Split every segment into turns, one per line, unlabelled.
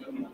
Gracias.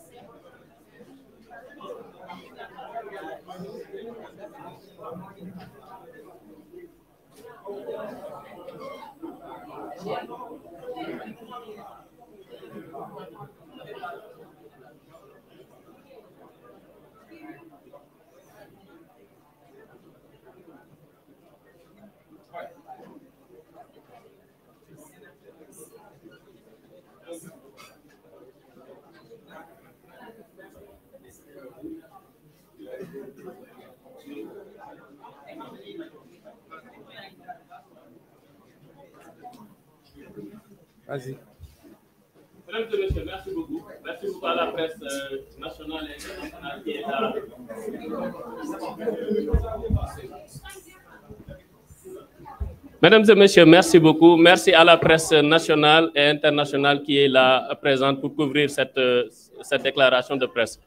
Mesdames et messieurs, merci beaucoup. Merci à la presse nationale et internationale qui est là. à la presse nationale et internationale qui est là présente pour couvrir cette, euh, cette déclaration de presse.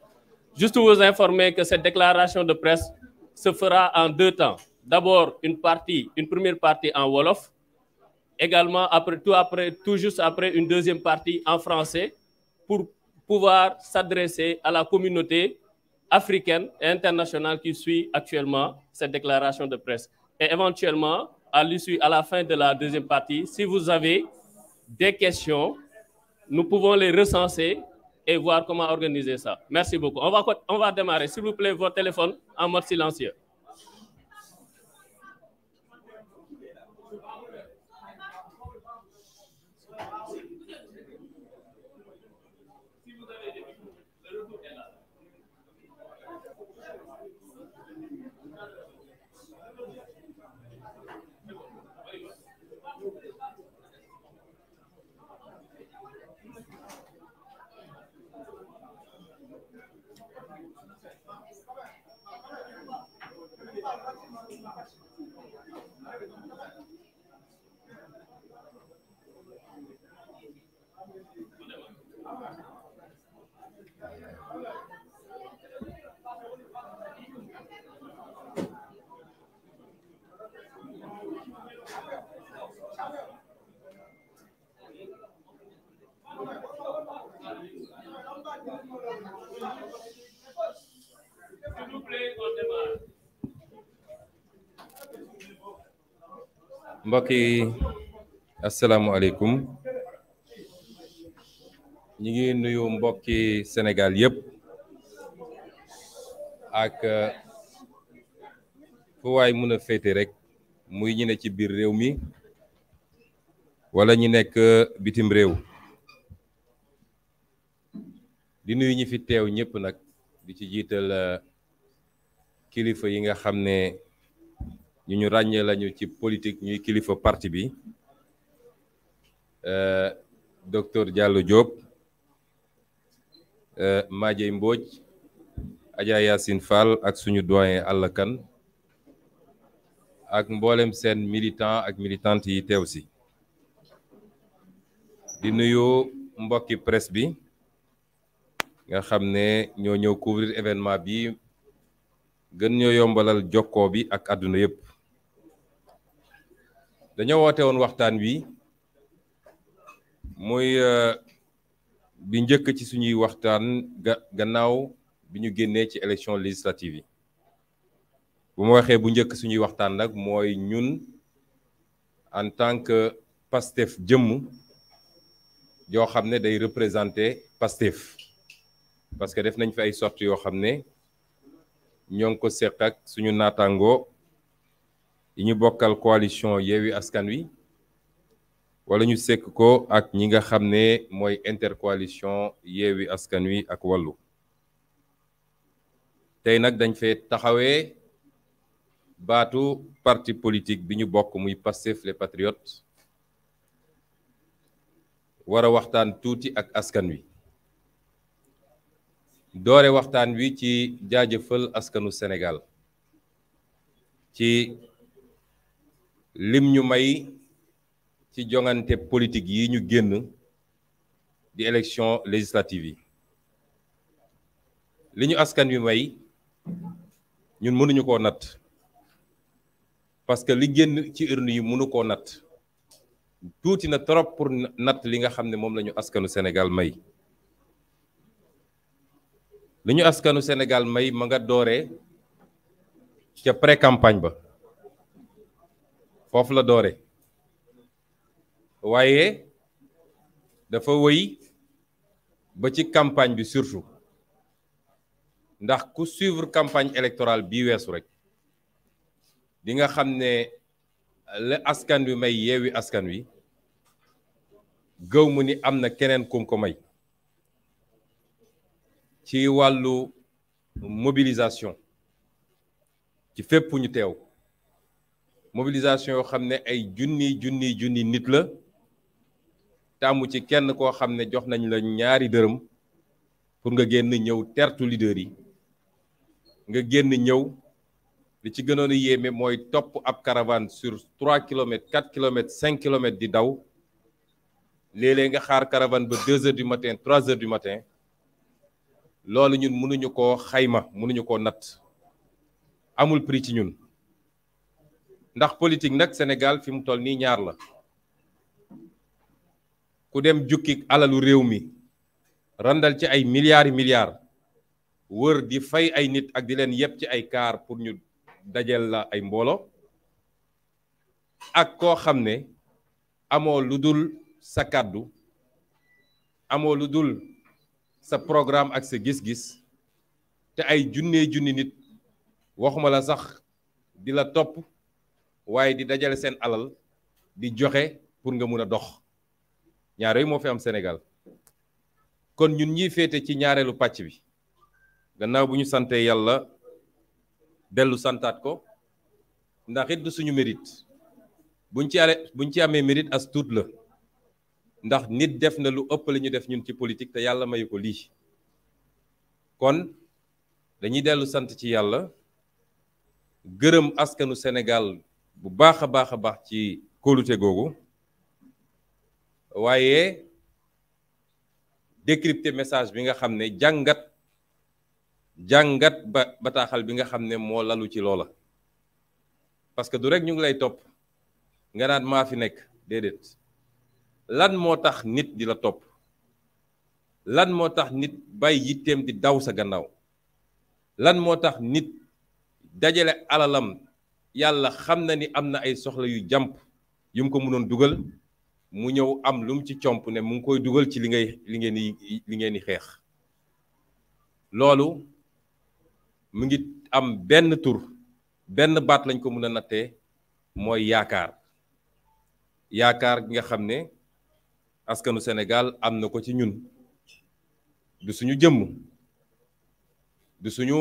Juste vous informer que cette déclaration de presse se fera en deux temps. D'abord, une partie, une première partie en Wolof, également après tout, après, tout juste après une deuxième partie en français pour pouvoir s'adresser à la communauté africaine et internationale qui suit actuellement cette déclaration de presse. Et éventuellement, à à la fin de la deuxième partie, si vous avez des questions, nous pouvons les recenser et voir comment organiser ça. Merci beaucoup. On va, on va démarrer. S'il vous plaît, votre téléphone en mode silencieux. mbokk yi asalaamualeykum ñi ngi nuyu mbokki Sénégal yépp ak uh, fu waay mën a féete rek muy ñi ne ci biir réew mi wala ñi nekk uh, bitim réew di nuyu ñi fi teew ñëpp nag di ci jiital uh, kilifa yi nga xam ne ñu ñu ràññee lañu ci politique ñuy kilifa parti bi euh, docteur Diallo Diop euh, Madieye Mbodj Adja Yacine Fall ak suñu doyen Alla Kane ak mboolem seen militant ak militante yi teew si di nuyu mbokki presse bi nga xam ne ñoo ñëw couvrir événement bi gën ñoo yombalal jokkoo bi ak àdduna yëpp dañoo woote woon waxtaan wi muy euh, bi njëkk ci suñuy waxtaan gannaaw bi ñu génnee ci élection législative yi bu ma waxee bu njëkk suñuy waxtaan nag mooy ñun en tant que Pastef jëmm yoo xam ne day représenter Pastef parce que def nañ fi ay sorties yoo xam ne ñoo ngi ko seq ak suñu naataangoo yi ñu bokkal coalition yewi Askan Wi wala ñu sekk ko ak ñi nga xam ne mooy intercoalition yewi Askan Wi ak Wallu tey nag dañ fee taxawee baatu parti politique bi ñu bokk muy Pastef les Patriotes war a waxtaan tuuti ak askan wi doore waxtaan wi ci jaajëfal askanu Sénégal ci lim ñu may ci jongante politique yi ñu génn di élection législative yi li ñu askan wi may ñun mënuñu koo natt parce que li génn ci urne yi mënu koo natt tuuti na trop pour natt li nga xam ne moom lañu askanu senegal may li ñu askanu Sénégal may ma nga doore ca pré-campagne ba foofu la doore waaye dafa wëy ba ci campagne bi surtout ndax ku suivre campagne électorale bi weesu rek di nga xam ne la askan wi may yeewi askan wi gëw mu ni am na keneen kum ko may ci wàllu mobilisation ci fépp ñu teew mobilisation yoo xam ne ay junni junni junni nit la tàmm ci kenn koo xam ne jox nañ la ñaari dërëm pour nga génn ñëw tertu leader yi nga génn ñëw li ci gënoon a yéeme mooy topp ab caravane sur trois kilomètres quatre kilomètres cinq kilomètres di daw léeg nga xaar caravane ba deux heures du matin trois heures du matin loolu ñun mënuñu ko xayma mënuñu koo natt amul prix ci ñun ndax politique nak Senegal, fim tol toll nii ñaar la ku dem jukki alalu rew mi randal ci ay milliards miliar. milliards wër di fay ay nit ak di len yeb ci ay car pour ñu dajel la ay mbolo ak ko xamne amo ludul sa kàddu amo ludul sa programme ak sa gis-gis te ay junne junni nit waxuma la sax dila top waaye di dajale seen alal di joxe pour nga mun a dox ñaar yooyu moo fi am Sénégal kon ñun ñiy féete ci ñaareelu pàcc bi gannaaw bu ñu sante yàlla dellu santaat ko ndax it du suñu mérite buñ ci buñ ci amee mérite as tuut la ndax nit def na lu ëpp la ñu def ñun ci politique te yàlla mayu ko lii kon dañuy dellu sant ci yàlla gërëm askanu senegal bu baakha baakha baax ci kolouté gogou wayé décrypter message bi nga xamné ne jangat ba bi nga xamné ne lalu ci Pas parce que du rek ñu ngi lay top nga naan ma fi nek dedet lan moo nit di la top lan moo nit bay yitteem di daw sa gannaaw lan moo nit dajale alalam yalla xam na ni am na ay soxla yu jàmp yu mu ko mënoon dugal mu ñëw am lu mu ci comp ne mu ngi koy dugal ci li ngay li ngeen li ngeen xeex loolu mu ngi am benn tur benn baat lañ ko mën a nattee mooy yaakaar yaakaar gi nga xam ne askanu Sénégal am na ko ci ñun du suñu jëmm du suñu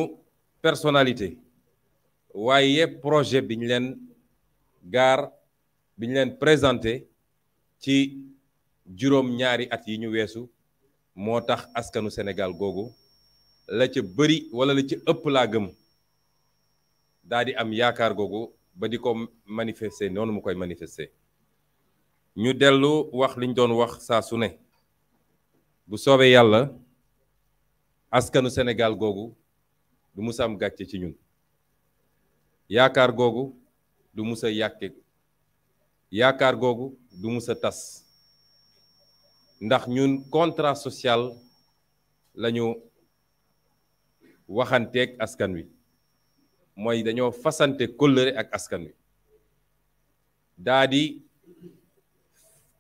personnalité waaye projet bi ñu leen gaar bi ñu leen présenté ci juróom ñaari at yi ñu weesu moo tax askanu Sénégal googu la ca bëri wala la ca ëpp laa gëm daa di am yaakaar googu ba di ko manifester noonu mu koy manifester ñu dellu wax liñ doon wax saa su ne bu soobee yàlla askanu Sénégal googu du mu sam gàcce ci ñun yaakaar googu du mus a yàkke yaakaar googu du mus a tas ndax ñun contrat social lañu waxanteeg askan wi mooy dañoo fasante kóllëre ak askan wi daadi di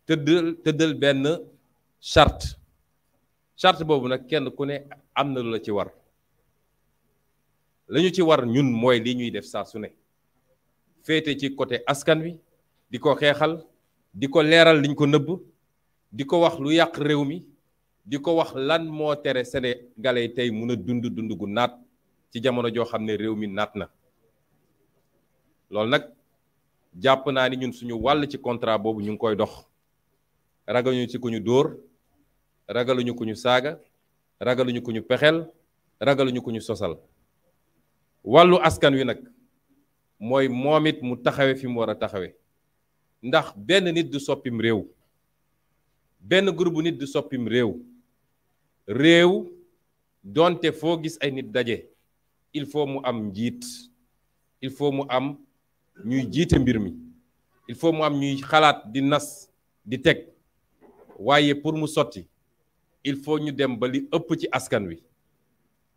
tëddal tëddal benn charte charte boobu nag kenn ku ne am na lu la ci war la ñu ci war ñun mooy lii ñuy def saa su ne féete ci côté askan wi di ko xeexal di ko leeral liñ ko nëbb di ko wax lu yàq réew mi di ko wax lan moo tere sénégalais tey mun a dund dund gu naat ci jamono joo xam ne réew mi naat na loolu nag jàpp naa ni ñun suñu wàll ci contrat boobu ñu ngi koy dox ragaluñu ci ku ñu dóor ragaluñu ku ñu saaga ragaluñu ku ñu pexeel ragaluñu ku ñu sosal wàllu askan wi nag mooy moomit mu taxawe fi mu war a taxawe ndax benn nit du soppim réew benn groupe nit du soppim réew réew donte foo gis ay nit daje il faut mu am njiit il faut mu am ñuy jiite mbir mi il faut mu am ñuy xalaat di nas di teg waaye pour mu sotti il faut ñu dem ba li ëpp ci askan wi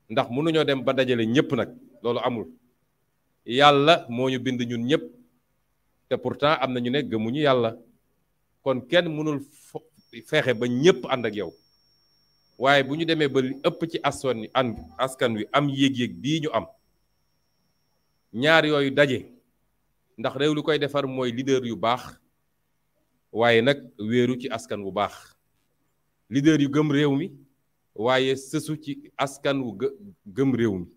ndax mënuñoo dem ba dajale ñépp nag loolu amul yàlla moo ñu bind ñun ñëpp te pourtant am na ñu ne gëmuñu yàlla kon kenn mënul feexe ba ñëpp ànd ak yow waaye bu ñu demee ba li ëpp ci askan wi ànd askan wi am yéeg-yéeg bii ñu am ñaar yooyu daje ndax réew lu koy defar mooy leader yu baax waaye nag wéeru ci askan wu baax leader yu gëm réew mi waaye sësu ci askan wu gëm réew mi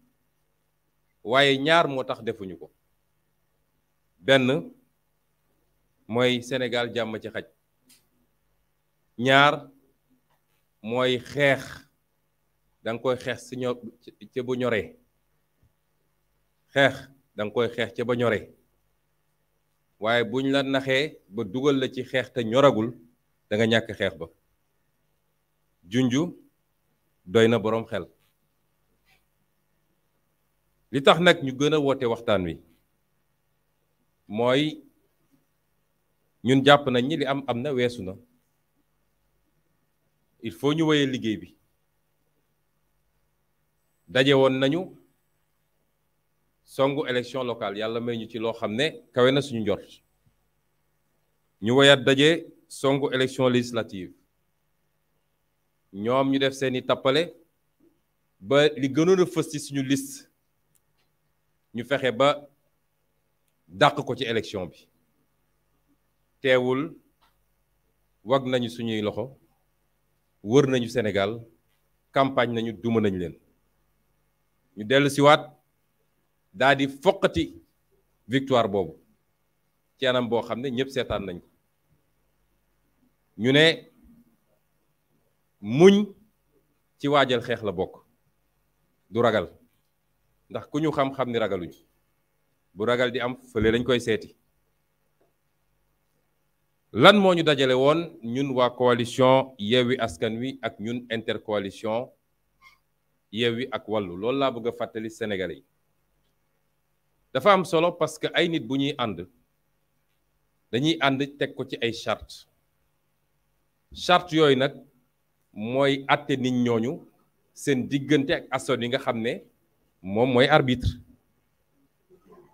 waaye ñaar moo tax defuñu ko benn mooy Sénégal jàmm ci xaj ñaar mooy xeex danga koy xeex si ño ca ba ñoree xeex danga koy xeex ca ba ñoree waaye buñ la naxee ba dugal la ci xeex te ñoragul danga ñàkk xeex ba junju doy na boroom xel li tax nous ñu gën a woote waxtaan wi mooy ñun jàpp nañ ni li am am na il faut ñu wéyee liggéey bi daje woon nañu songu élection locale yàlla may ñu ci loo xam ne na suñu njort ñu daje songu élection législative ñoom ñu def seeni tappale ba li a fës ci suñu liste ñu fexe ba dàq ko ci élection bi teewul wag nañu suñuy loxo wër nañu Sénégal campagne nañu duma nañu leen ñu dellusiwaat siwaat foqati victoire boobu ci anam boo xam ne ñëpp seetaan nañ ko ñu ne muñ ci waajal xeex la bokk du ragal ndax ku ñu xam-xam ni ragaluñ bu ragal di am fële lañ koy seeti lan moo ñu dajale ñun waa coalition Yewwi Askan ak intercoalition Yewwi ak bëgg Sénégalais am solo parce que ay nit bu ñuy ànd dañuy ànd teg ko ci ay charte charte yooyu nag nit ñooñu ak moom mooy arbitre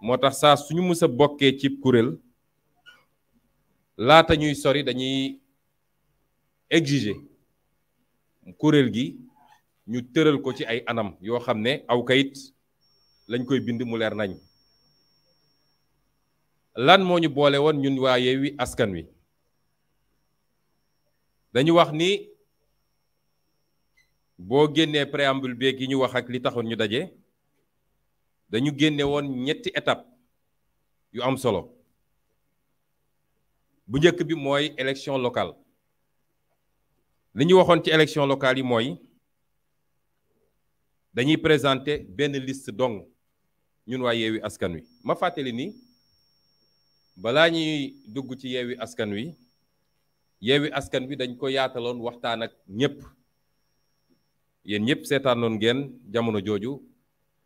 moo tax saa suñu mës a bokkee ci kuréel laata ñuy sori dañuy exiger kuréel gi ñu tëral ko ci ay anam yoo xam ne aw kayit lañ koy bind mu leer nañ lan moo ñu boole woon ñun waaye wi Askan Wi dañu wax ni boo génnee préambule beeg yi ñu wax ak li taxoon ñu daje. dañu génnewoon ñetti étape yu am solo bu njëkk bi mooy élection locale li ñu waxoon ci élection locale yi mooy dañuy présente benn list dong ñun waa Yewwi Askan Wi ma fàttali ni balaa ñuy dugg ci Yewwi Askan Wi Yewwi Askan Wi dañ ko yaataloon waxtaan ak ñëpp yéen ñëpp seetaanoon ngeen jamono jooju.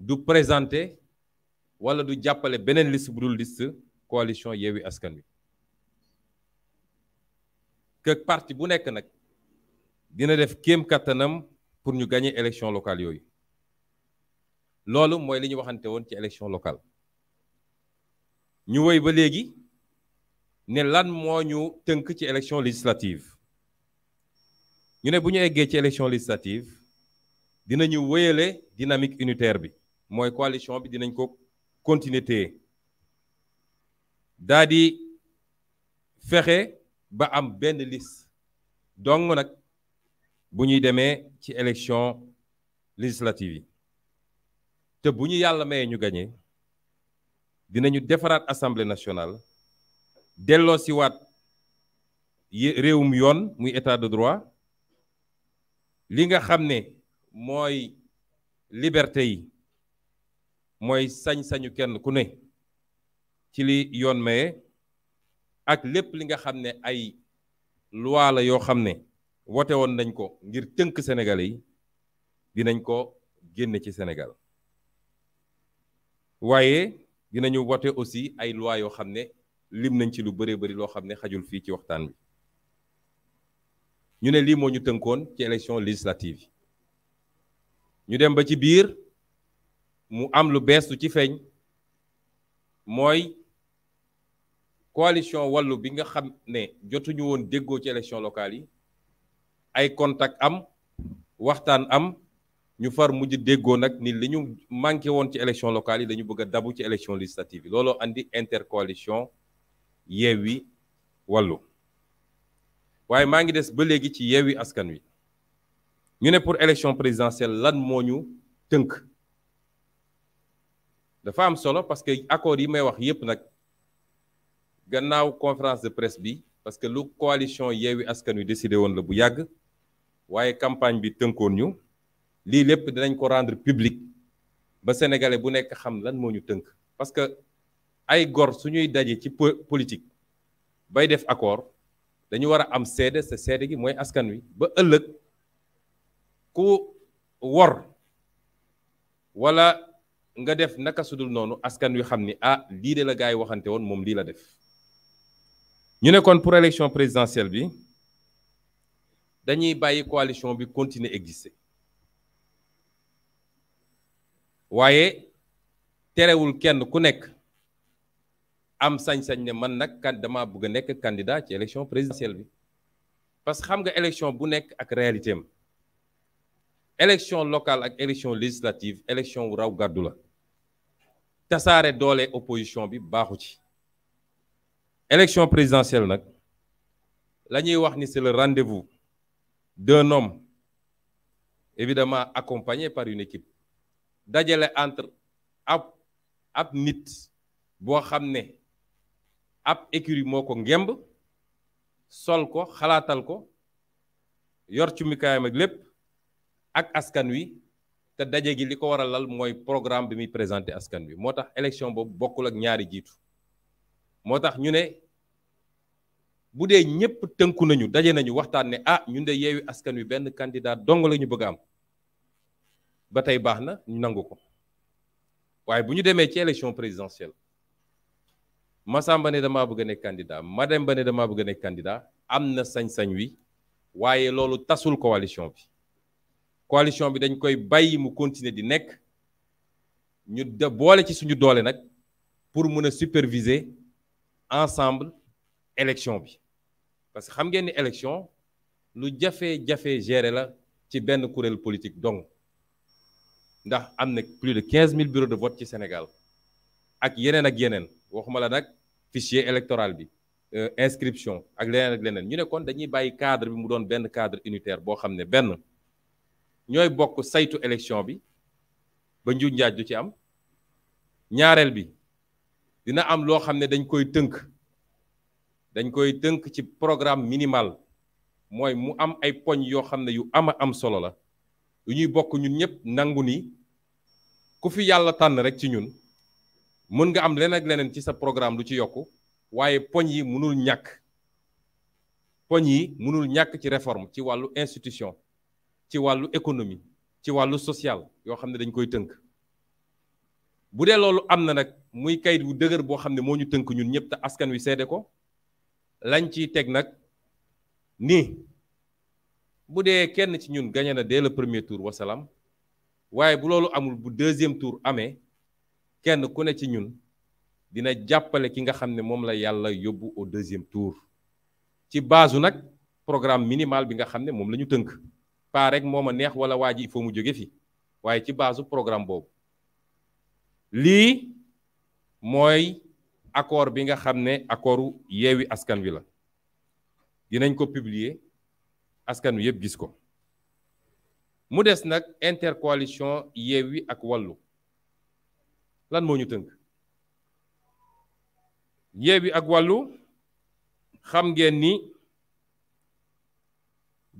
du présenter wala du jàppale benen liste budul liste coalition yewi Askan bi que parti bu nek nak dina def kem katanam pour ñu gagner élection locale yooyu lolu moy li ñu waxante won ci élection locale ñu woy ba légui ne lan mo ñu teunk ci élection législative ñu ne bu ñu ci élection législative dinañu wéyale dynamique unitaire bi mooy coalition bi dinañ ko continuer daadi fexe ba am benn liste donc nag bu ñuy demee ci élection législative yi te bu ñu yàlla mayee ñu gagné dinañu defaraat assemblée nationale delloo waat réewum yoon muy état de droit li nga xam ne mooy liberté yi mooy sañ-sañu kenn ku ne ci li yoon maye ak lépp li nga xam ne ay loi yoo xam ne wote woon nañ ko ngir tënk Sénégalais yi dinañ ko génne ci senegal waaye dinañu wote aussi ay luwaa yoo xam ne lim nañ ci lu bëree bëri loo xam ne xajul fii ci waxtaan bi ñu ne lii moo ñu tënkoon ci élection législative yi ñu dem ba ci biir mu am lu ci coalition walu bi nga xam ñu won ci élection locale yi ay contact am waxtaan am ñu far mujj nak ni li ñu ci élection locale yi dañu bëgg dabu ci élection législative andi intercoalition yewi walu waye ma ngi dess ba légui ci askan wi ñu pour élection présidentielle dafa am solo parce que accord yi may wax yépp nag gannaaw conférence de presse bi parce que lu coalition Yewwi Askan Wi décidé woon la bu yàgg waaye campagne bi tënkoon ñu lii lépp dinañ ko rendre public ba sénégalais bu nekk xam lan moo ñu tënk parce que ay gor suñuy daje ci politique bay def accord dañu war a am seede sa seede gi mooy askan wi ba ëllëg ku wor wala nga def naka sudul askan wi xamni ah, la waxante def ñu kon pour élection présidentielle bi dañuy bayyi coalition bi continuer exister waaye téréwul kenn ku nekk am sañ-sañ ne man que dama bëgg nekk candidat élection présidentielle parce que xam nga élection bu nekk réalité élection locale et élection législative élection ou raw Tassare la opposition bi baaxu ci élection présidentielle nak. L'année wax ni c'est le rendez-vous d'un homme évidemment accompagné par une équipe dajele entre ap ab nit bo ap ab écurie moko ko ngemb sol ko ko yor ak askan wi te daje gi li ko lal programme bi mi présenté askan wi motax élection bob bokul ak ñaari jitu motax tax ñu ne bu dee ñëpp nañu dajé nañu waxtaan ne ah ñun de yeewi askan wi ben candidat dong lañu bëgg am batay baxna ñu nanguko waye buñu démé ci élection présidentielle Massamba ne dama bëgg a candidat Mademba ne dama bëgg a candidat amna sañ-sañ wi waye lolu tasul coalition bi coalition bi dañ koy bàyyi mu continuer di nek. ñu de boole ci suñu doole nag pour mën superviser ensemble élection bi parce que xam ngeen ni élection lu jafe-jafe gérer la ci benn kuréel politique donc ndax am plus de 15 000 bureaux de vote ci Sénégal ak yeneen ak yeneen waxuma la nag fichier électoral bi euh, inscription ak leneen ak leneen ñu ne kon dañuy bàyyi cadre bi mu doon benn cadre unitaire boo xam ne ñooy bokk saytu élection bi ba njuuj njaaj du ci am ñaareel bi dina am loo xam ne dañ koy tënk dañ koy tënk ci programme minimal mooy mu am ay poñ yoo xam ne yu ama am solo la yu ñuy bokk ñun ñëpp nangu ni ku fi yàlla tànn rek ci ñun mën nga am leneen ak leneen ci sa programme lu ci yokk waaye poñ yi mënul ñàkk poñ yi mënul ñàkk ci réforme ci wàllu institution ci wàllu économie ci wàllu social yoo xam ne dañ koy tënk bu dee loolu am na nag muy kayit bu dëgër boo xam ne moo ñu tënk ñun ñëpp te askan wi seede ko lañ ciy teg nag nii bu dee kenn ci ñun gagné na dès le premier tour wasalaam waaye bu loolu amul bu deuxième tour amee kenn ku ne ci ñun dina jàppale ki nga xam ne moom la yàlla yóbbu au deuxième tour ci baasu nag programme minimal bi nga xam ne moom la ñu tënk pas rek moo ma neex wala waa ji foo mu jóge fi waaye ci base programme boobu lii mooy accord bi nga xam ne accordu yeewi askan wi la dinañ ko publier askan wi yëpp gis ko mu des nag intercoalition yeewi ak wàllu lan moo ñu tënk yeewi ak wàllu xam ngeen ni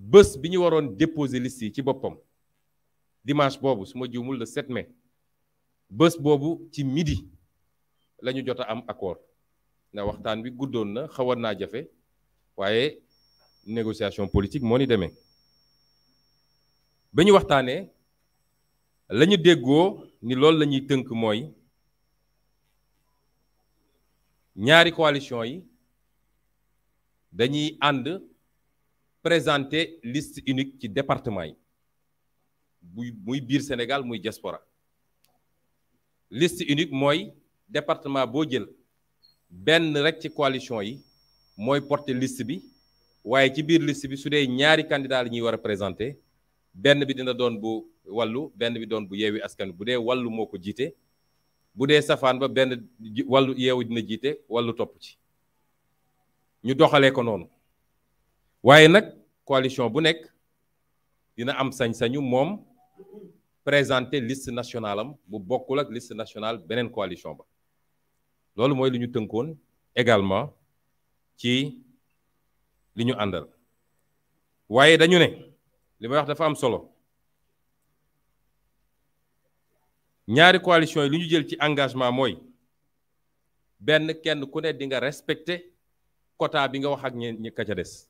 bës bi ñu waroon déposer list yi ci boppam dimanche boobu suma ma juumul le 7 mai bés boobu ci midi la ñu jot a am accord na waxtaan bi guddoon na xawoon naa jafe waaye négociation politique moo ni demee ba ñu waxtaanee la ñu déggoo ni loolu la ñuy tënk mooy ñaari coalition yi dañuy ànd. présenter liste unique ci département Sénégal muy diaspora liste unique moy département bo jël rek ci coalition yi moy porter liste bi waye ci liste bi ñaari candidats présenter bi dina bu bi bu askan budé moko jité budé ba benn dina waaye nag coalition bu nekk dina am sañ-sañu moom présenter list nationale am bu bokkul ak list nationale beneen coalition ba loolu mooy lu ñu tënkoon également ci li ñu àndal waaye dañu ne li may wax dafa am solo ñaari coalition yi li ñu jël ci engagement mooy benn kenn ku ne dinga nga respecter bi nga wax ak ñi ka ca des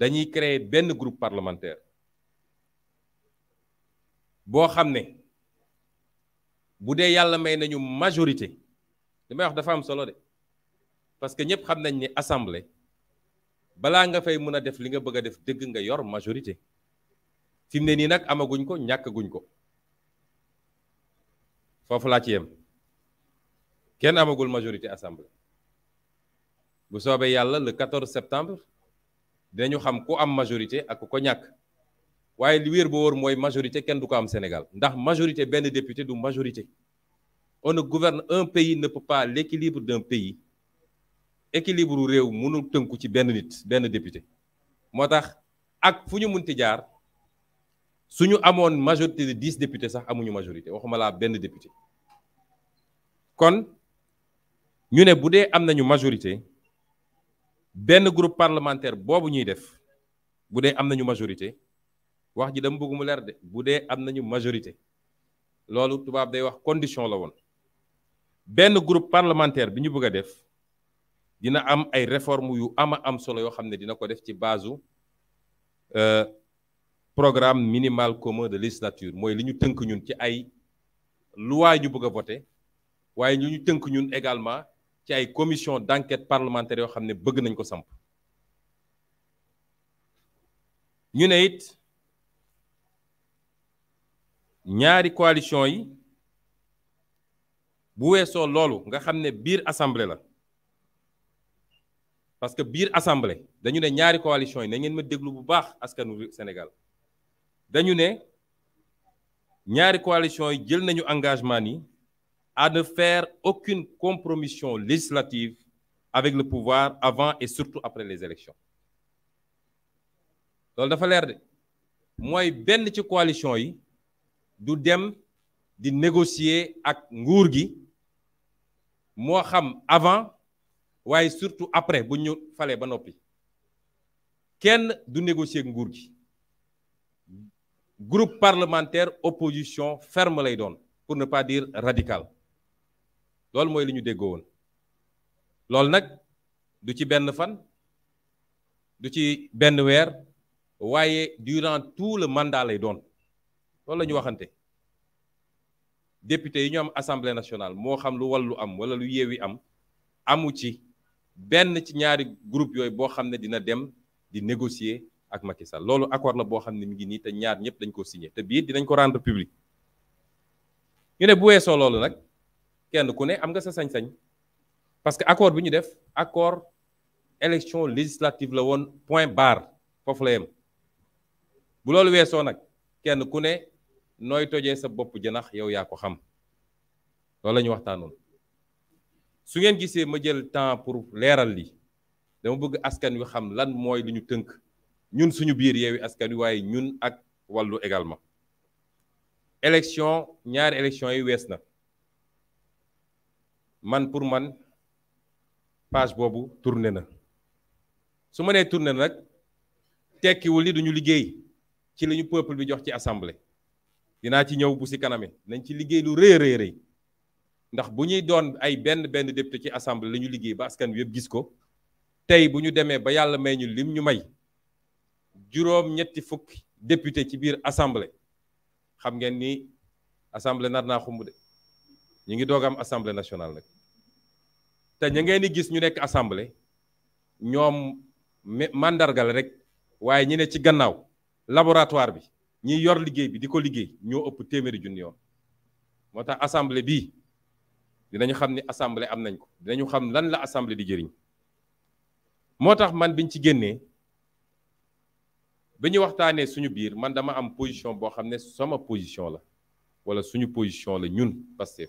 dañuy créer benn groupe parlementaire boo xam ne bu dee yàlla may nañu majorité li may wax dafa am solo de parce que ñëpp xam nañ ni assemblée balaa nga fay mën a def li nga bëgg a def dëgg nga yor majorité fi mu ne nii nag amaguñ ko ñàkkaguñ ko foofu laa ci yem kenn amagul majorité assemblée bu soobee yàlla le 14 septembre. ñu xam ku am majorité ak ko ñàkk waaye lu wéer ba wóor mooy majorité kenn du ko am Sénégal ndax majorité benn député du majorité on ne gouverne un pays ne peut pas l'équilibre d'un pays équilibre réew mënul tënku ci benn nit benn député moo tax ak fu ñu munti jaar suñu amoon majorité de dix députés sax amuñu majorité waxuma laa benn député kon ñu ne bu dee am nañu majorité benn groupe parlementaire boobu ñuy def bu dee am nañu majorité wax ji dama bëgg mu leer de bu dee am nañu majorité loolu tubaab day wax condition la woon benn groupe parlementaire bi ñu bëgg a def dina am ay réformes yu ama am solo yoo xam ne dina ko def ci baasu euh, programme minimal commun de législature mooy li ñu tënk ñun ci ay loi ñu bëgg a voté waaye ñu ñu tënk ñun également ci ay commission d'enquête parlementaire bëgg nañ ko samp coalition yi bu assemblée parce que biir assemblée dañu ne ñaari coalition yi na ngeen ma Sénégal dañu ne ñaari coalition yi jël nañu engagement ni à ne faire aucune compromission législative avec le pouvoir avant et surtout après les élections Donc, il faut de mooy benn ci coalition yi du dem di négocier avec Ngourgi, Moi, je avant mais surtout après bu ñu falee ba noppi Ken du négocier ak groupe parlementaire opposition ferme les dons, pour ne pas dire radical loolu mooy li ñu déggoo woon loolu nag du ci benn fan du ci benn weer waaye durant tout le mandat lay doon loolu la ñu waxante député yi ñu am assemblée nationale moo xam lu wallu am wala lu yeewi am amu ci benn ci ñaari groupe yooyu boo xam ne dina dem di négocier ak Macky Sall loolu accord la boo xam ne mi ngi nii te ñaar ñëpp dañ ko signé te bii dinañ ko rendre public ñu ne bu weesoo loolu nag. kenn ku ne am nga sa sañ-sañ parce que accord bi ñu def accord élection législative la woon point barre foofu la yem bu loolu weesoo nag kenn ku ne nooy tojee sa bopp jënax yow yaa ko xam loolu la ñu waxtaanoon su ngeen gisee ma jël temps pour leeral li dama bëgg askan wi xam lan mooy lu ñu tënk ñun suñu biir yeewi askan wi waaye ñun ak wàllu également élection ñaari élection yi wees na man pour man page boobu tourné na su ma nee tourné nag tekkiwul li duñu liggéey ci li ñu peuple bi jox ci assemblée dinaa ci ñëw bu si kaname nañ ci liggéey lu rëy rëy ndax bu ñuy doon ay benn benn député ci assemblée la ñu liggéey ba askan wi yëpp gis ko tey bu ñu demee ba yàlla may ñu lim ñu may juróom-ñetti fukki député ci biir assemblée xam ngeen ni assemblée nar naa xumb de ñu ngi doog am assemblée nationale nag te ñu ngeen di gis ñu nekk assemblée ñoom màndargal rek waaye ñi ne ci gannaaw laboratoire bi ñi yor liggéey bi di ko liggéey ñoo ëpp téeméeri junni moo tax assemblée bii dinañu xam ni assemblée am nañ ko dinañu xam lan la assemblée di jëriñ moo tax man biñ ci génnee bi ñu waxtaanee suñu biir man dama am position boo xam ne sama position la wala suñu position la ñun Pastef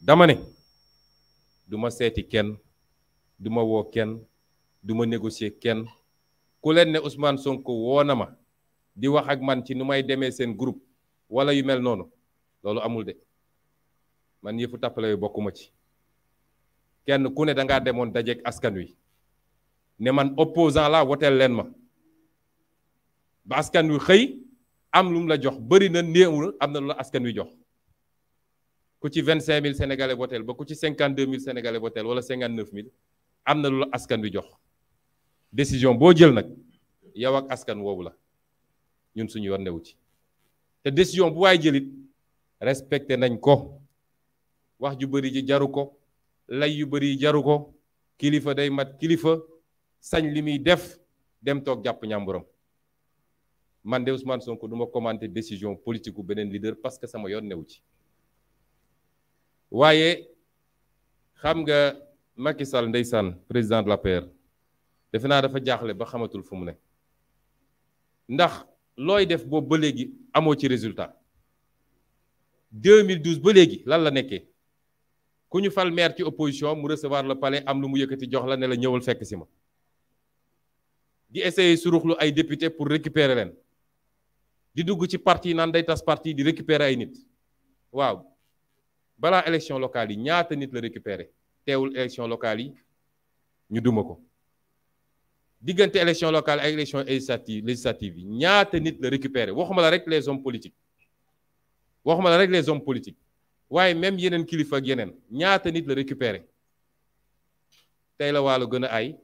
dama ne duma ma seeti kenn du ma woo kenn ken ma négocier kenn ku ne Ousmane Sonko woo na ma di wax ak man ci nu may groupe wala yu mel noonu loolu amul de man yëfu tàppale yooyu bokkuma ci kenn ku ne da ngaa demoon dajeeg askan wi ne man opposant la woteel leen ma ba wi xëy am lu la jox bëri na néew am na lu la askan wi jox ku ci 25000 sénégalais votel ba ku ci 52000 sénégalais votel wala 59000 000. na lu askan wi jox décision boo jël nag yow ak askan woowu la ñun suñu yoon ci te décision bu waay jëlit respecté nañ ko wax ju bëri ji jaru ko lay yu bëri jaru ko kilifa day mat kilifa sañ limi def dem tok jàpp ñàmburam man de Ousmane Sonko nous ma commenter décision politique ou benen leader parce que sama yoon newu ci waaye xam nga Macky Sall ndeysaan président de l'APR defe naa dafa jaaxle ba xamatul fu mu ne ndax looy def boobu ba léegi amoo ci résultat 2012 ba léegi lan la nekkee ku ñu fal maire ci opposition mu recevoir la palais am lu mu yëkkati jox la ne la ñëwal fekk si ma di essayer suruxlu ay député pour récupérer leen di dugg ci parti naan day tas parti di récupérer ay nit waaw bala élection locale yi ñaata nit la récupérer téwul élection locale yi ñu duma ko digënté élection locale ak élection législative législative ñaata nit la récupérer waxuma la rek les hommes politiques waxuma la rek les hommes politiques waye même yenen kilifa ak yenen ñaata nit la récupérer tay la walu gëna ay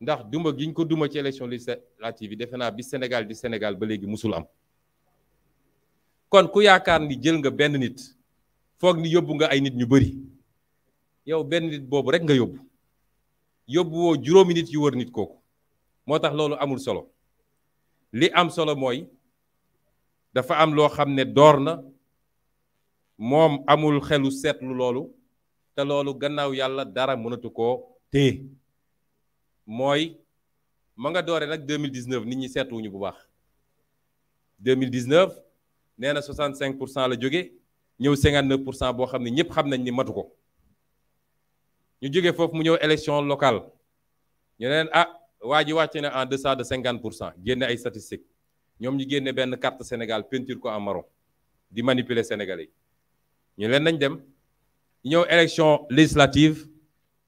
ndax duma giñ ko duma ci élection législative yi bi Sénégal di Sénégal ba légui musul am kon ku yaakaar ni jël nga benn nit foog ni yóbbu nga ay nit ñu bëri yow benn nit boobu rek nga yóbbu yóbbu juróomi nit yu wër nit kooku moo tax loolu amul solo li am solo mooy dafa am loo xam ne door na moom amul xelu seetlu loolu te loolu gannaaw yàlla dara mënatu ko téye mooy ma nga doore nag du 2019 nit ñi seetluwuñu bu baax mille 2019 nee na 65 pour cent la jóge ñëw 59 pour cent boo xam ne ñëpp xam nañ ni matu ko ñu jógee foofu mu ñëw élection locale ñu ne ah waa ji wàcce na en deçà de 50 génne ay statistiques ñoom ñu génne benn carte Sénégal peinture ko en marron di manipuler Sénégalais yi ñu leen nañ dem ñëw élection législative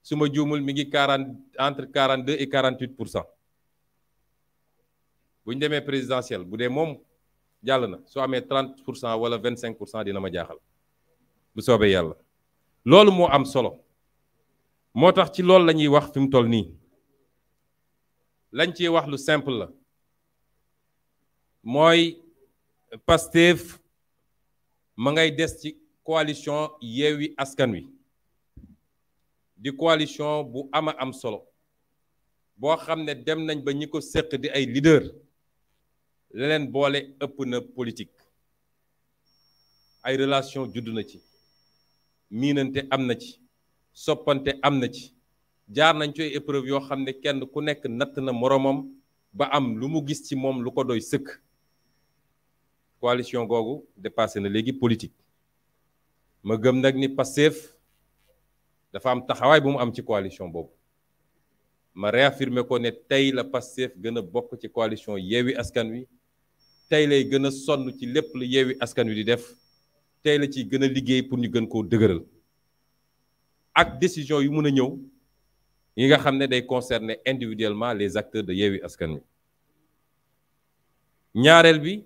su ma juumul mi ngi 40 entre 42 et 48 buñ cent bu ñu demee présidentielle bu dee moom. jàll na soo amee 30 pour cent wala 25 pour cent dina ma jaaxal bu soobee yàlla loolu moo am solo moo tax ci loolu lañuy wax fi mu toll nii lañ ci wax lu simple la mooy Pastef ma ngay des ci coalition Yewwi Askan Wi di coalition bu ama am solo boo xam ne dem nañ ba ñi ko séq di ay leader leneen boole ëpp na politique ay relation judd na ci miinante am na ci soppante am na ci jaar nañ ci épreuve yoo xam ne kenn ku nekk natt na moroomam ba am lu mu gis ci moom lu ko doy sëkk coalition googu dépassé na léegi politique ma gëm nag ni Pastef dafa am taxawaay bu mu am ci coalition boobu ma réaffirmer ko ne tey la Pastef gën a bokk ci coalition Yewwi Askan Wi tey lay gën a sonn ci lépp lu yeewi askan wi di def tey la ci gën a liggéey pour ñu gën koo dëgëral ak décision yu mën a ñëw yi nga xam ne day concerner individuellement les acteurs de yewi askan wi ñaareel bi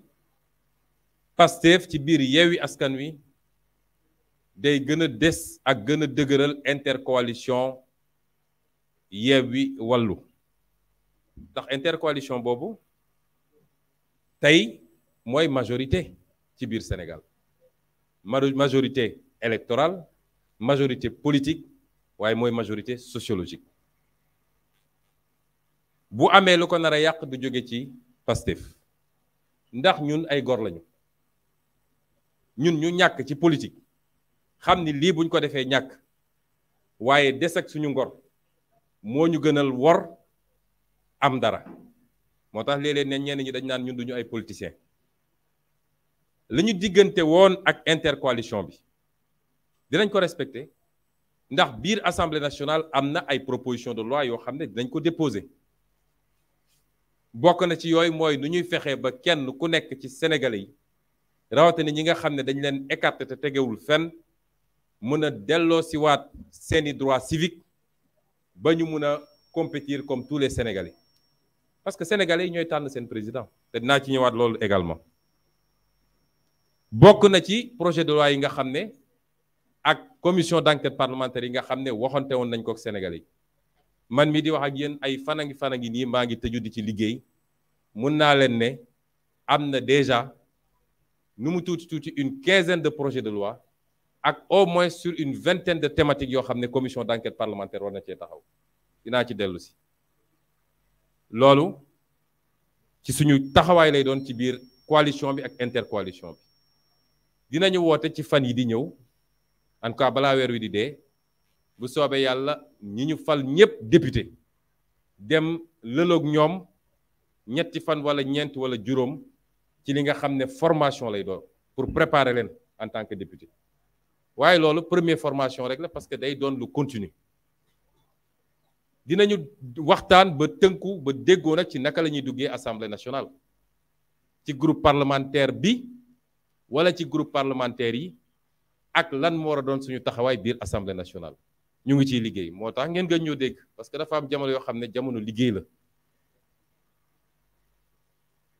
Pastef ci biir yewi askan wi day gën a des ak gën a dëgëral intercoalition yeewi wàllu ndax intercoalition boobu Tay, mooy majorité ci Sénégal majorité électorale majorité politique ouais moi majorité sociologique bu amé lu ko nar a du jóge ci Pastef ndax ñun ay gor lañu ñun ñu ñak ci politique xamni li buñ ko défé ñak waye des ak suñu ngor moo ñu gënal wor am dara motax tax léeg-léeg ne ñi dañ naan ñun duñu ay politiciens li digënté woon ak intercoalition bi dinañ ko respecter ndax biir assemblée nationale amna ay proposition de loi yo xamné ne dinañ ko déposer bokk na ci yooyu mooy nu ñuy ba kenn ku nekk ci sénégalais yi rawatina ñi nga xam ne dañ leen écarté te tegewul fenn mën a delloo siwaat seeni droit civique ba ñu mun a compétir comme tous les sénégalais parce que sénégalais yi ñooy tànn seen président te dinaa ci ñëwaat loolu également bokku na ci projet de loi yi nga xam ne ak commission d'enquête parlementaire yi nga xam ne waxante woon nañ ko sénégalais yi man mi di wax ak yéen ay fan a ngi fan ngi nii maa ngi tëju di ci liggéey mun naa leen ne am na déjà nu mu tuuti tuuti une quinzaine de projets de loi ak au moins sur une vingtaine de thématiques yoo xam ne commission d'enquête parlementaire war na cee taxaw dinaa ci dellu si loolu ci suñu taxawaay lay doon ci biir coalition bi ak intercoalition bi dinañu woote ci fan yi di ñëw en tout cas balaa weer wi di dee bu soobee yàlla ñi ñu fal ñëpp député dem lëloog ñoom ñetti fan wala ñeent wala juróom ci li nga xam ne formation lay doon pour préparer leen en tant que député waaye loolu premier formation rek la parce que day doon lu continue dinañu waxtaan ba tënku ba déggoo nag ci naka lañuy ñuy duggee assemblée nationale ci groupe parlementaire bi wala ci groupe parlementaire yi ak lan moo war doon suñu taxawaay biir assemblée nationale ñu ngi ciy liggéey moo tax ngeen gën ñoo dégg parce que dafa am jamono yoo xam ne jamono liggéey la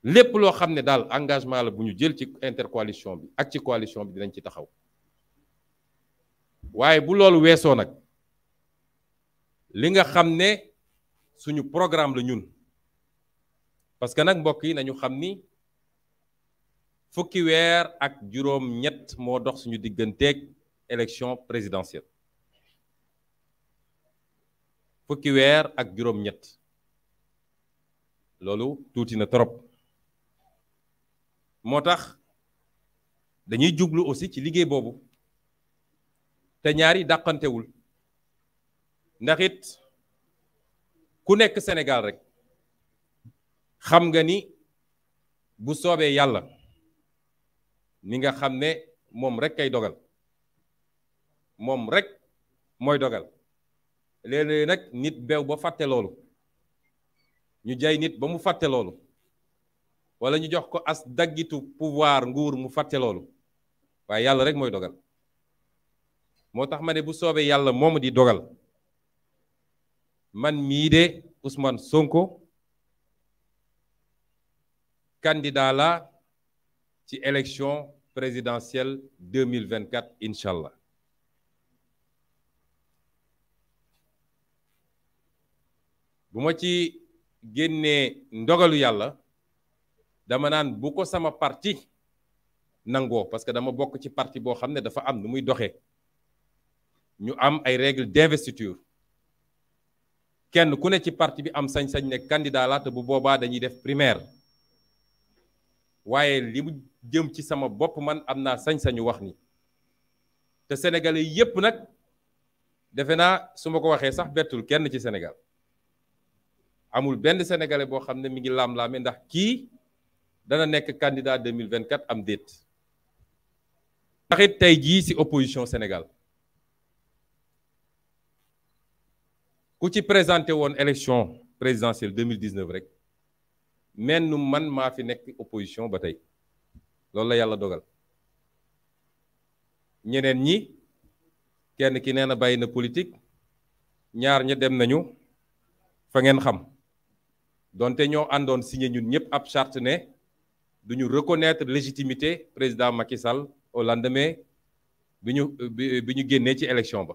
lépp loo xam ne daal engagement la bu ñu jël ci intercoalition bi ak ci coalition bi dinañ ci taxaw waaye bu loolu weesoo nag. li nga xam suñu programme la ñun parce que nous mbokk yi nañu xam fukki ak juróom ñett moo dox suñu digganteeg élection présidentielle fukki weer ak juróom ñett loolu tuuti na trop moo dañuy aussi ci liggéey boobu ndax it ku nekk senegaal rek xam nga ni bu soobee yàlla ni nga xam ne moom rek ay dogal moom rek mooy dogal léeg-léeg nag nit beew ba fàtte loolu ñu jaay nit ba mu fàtte loolu wala ñu jox ko as daggitu pouvoir nguur mu fàtte loolu waaye yàlla rek mooy dogal moo tax ma ne bu soobee yàlla moom di dogal man mii Ousmane Sonko candidat la ci présidentielle 2024 Inshallah. allah bu ma ci génnee ndogalu yàlla dama naan sama parti parce que dama bokk ci parti boo xam ne dafa am muy règles d'investiture kenn ku ne ci parti bi am sañ-sañ ne candidat la bu boobaa dañuy def primaire waaye li mu jëm ci sama bopp man am naa sañ-sañu wax ni te sénégalais yépp nag defe naa su ma ko waxee sax bettul kenn ci Sénégal amul benn sénégalais boo xam ne mi ngi laam-laame ndax kii dana nekk candidat 2024 am déet ndax it tey jii ci opposition Sénégal ku ci présenté woon élection présidentielle 2019 rek men nu man maa fi nekk opposition ba tey loolu la yàlla dogal ñeneen ñi kenn ki nee na bàyyi na politique ñaar ña dem nañu fa ngeen xam donte ñoo àndoon signé ñun ñëpp ab charte ne duñu reconnaître légitimité président Macky Sall au lendemain bi ñu bi ñu ci élection ba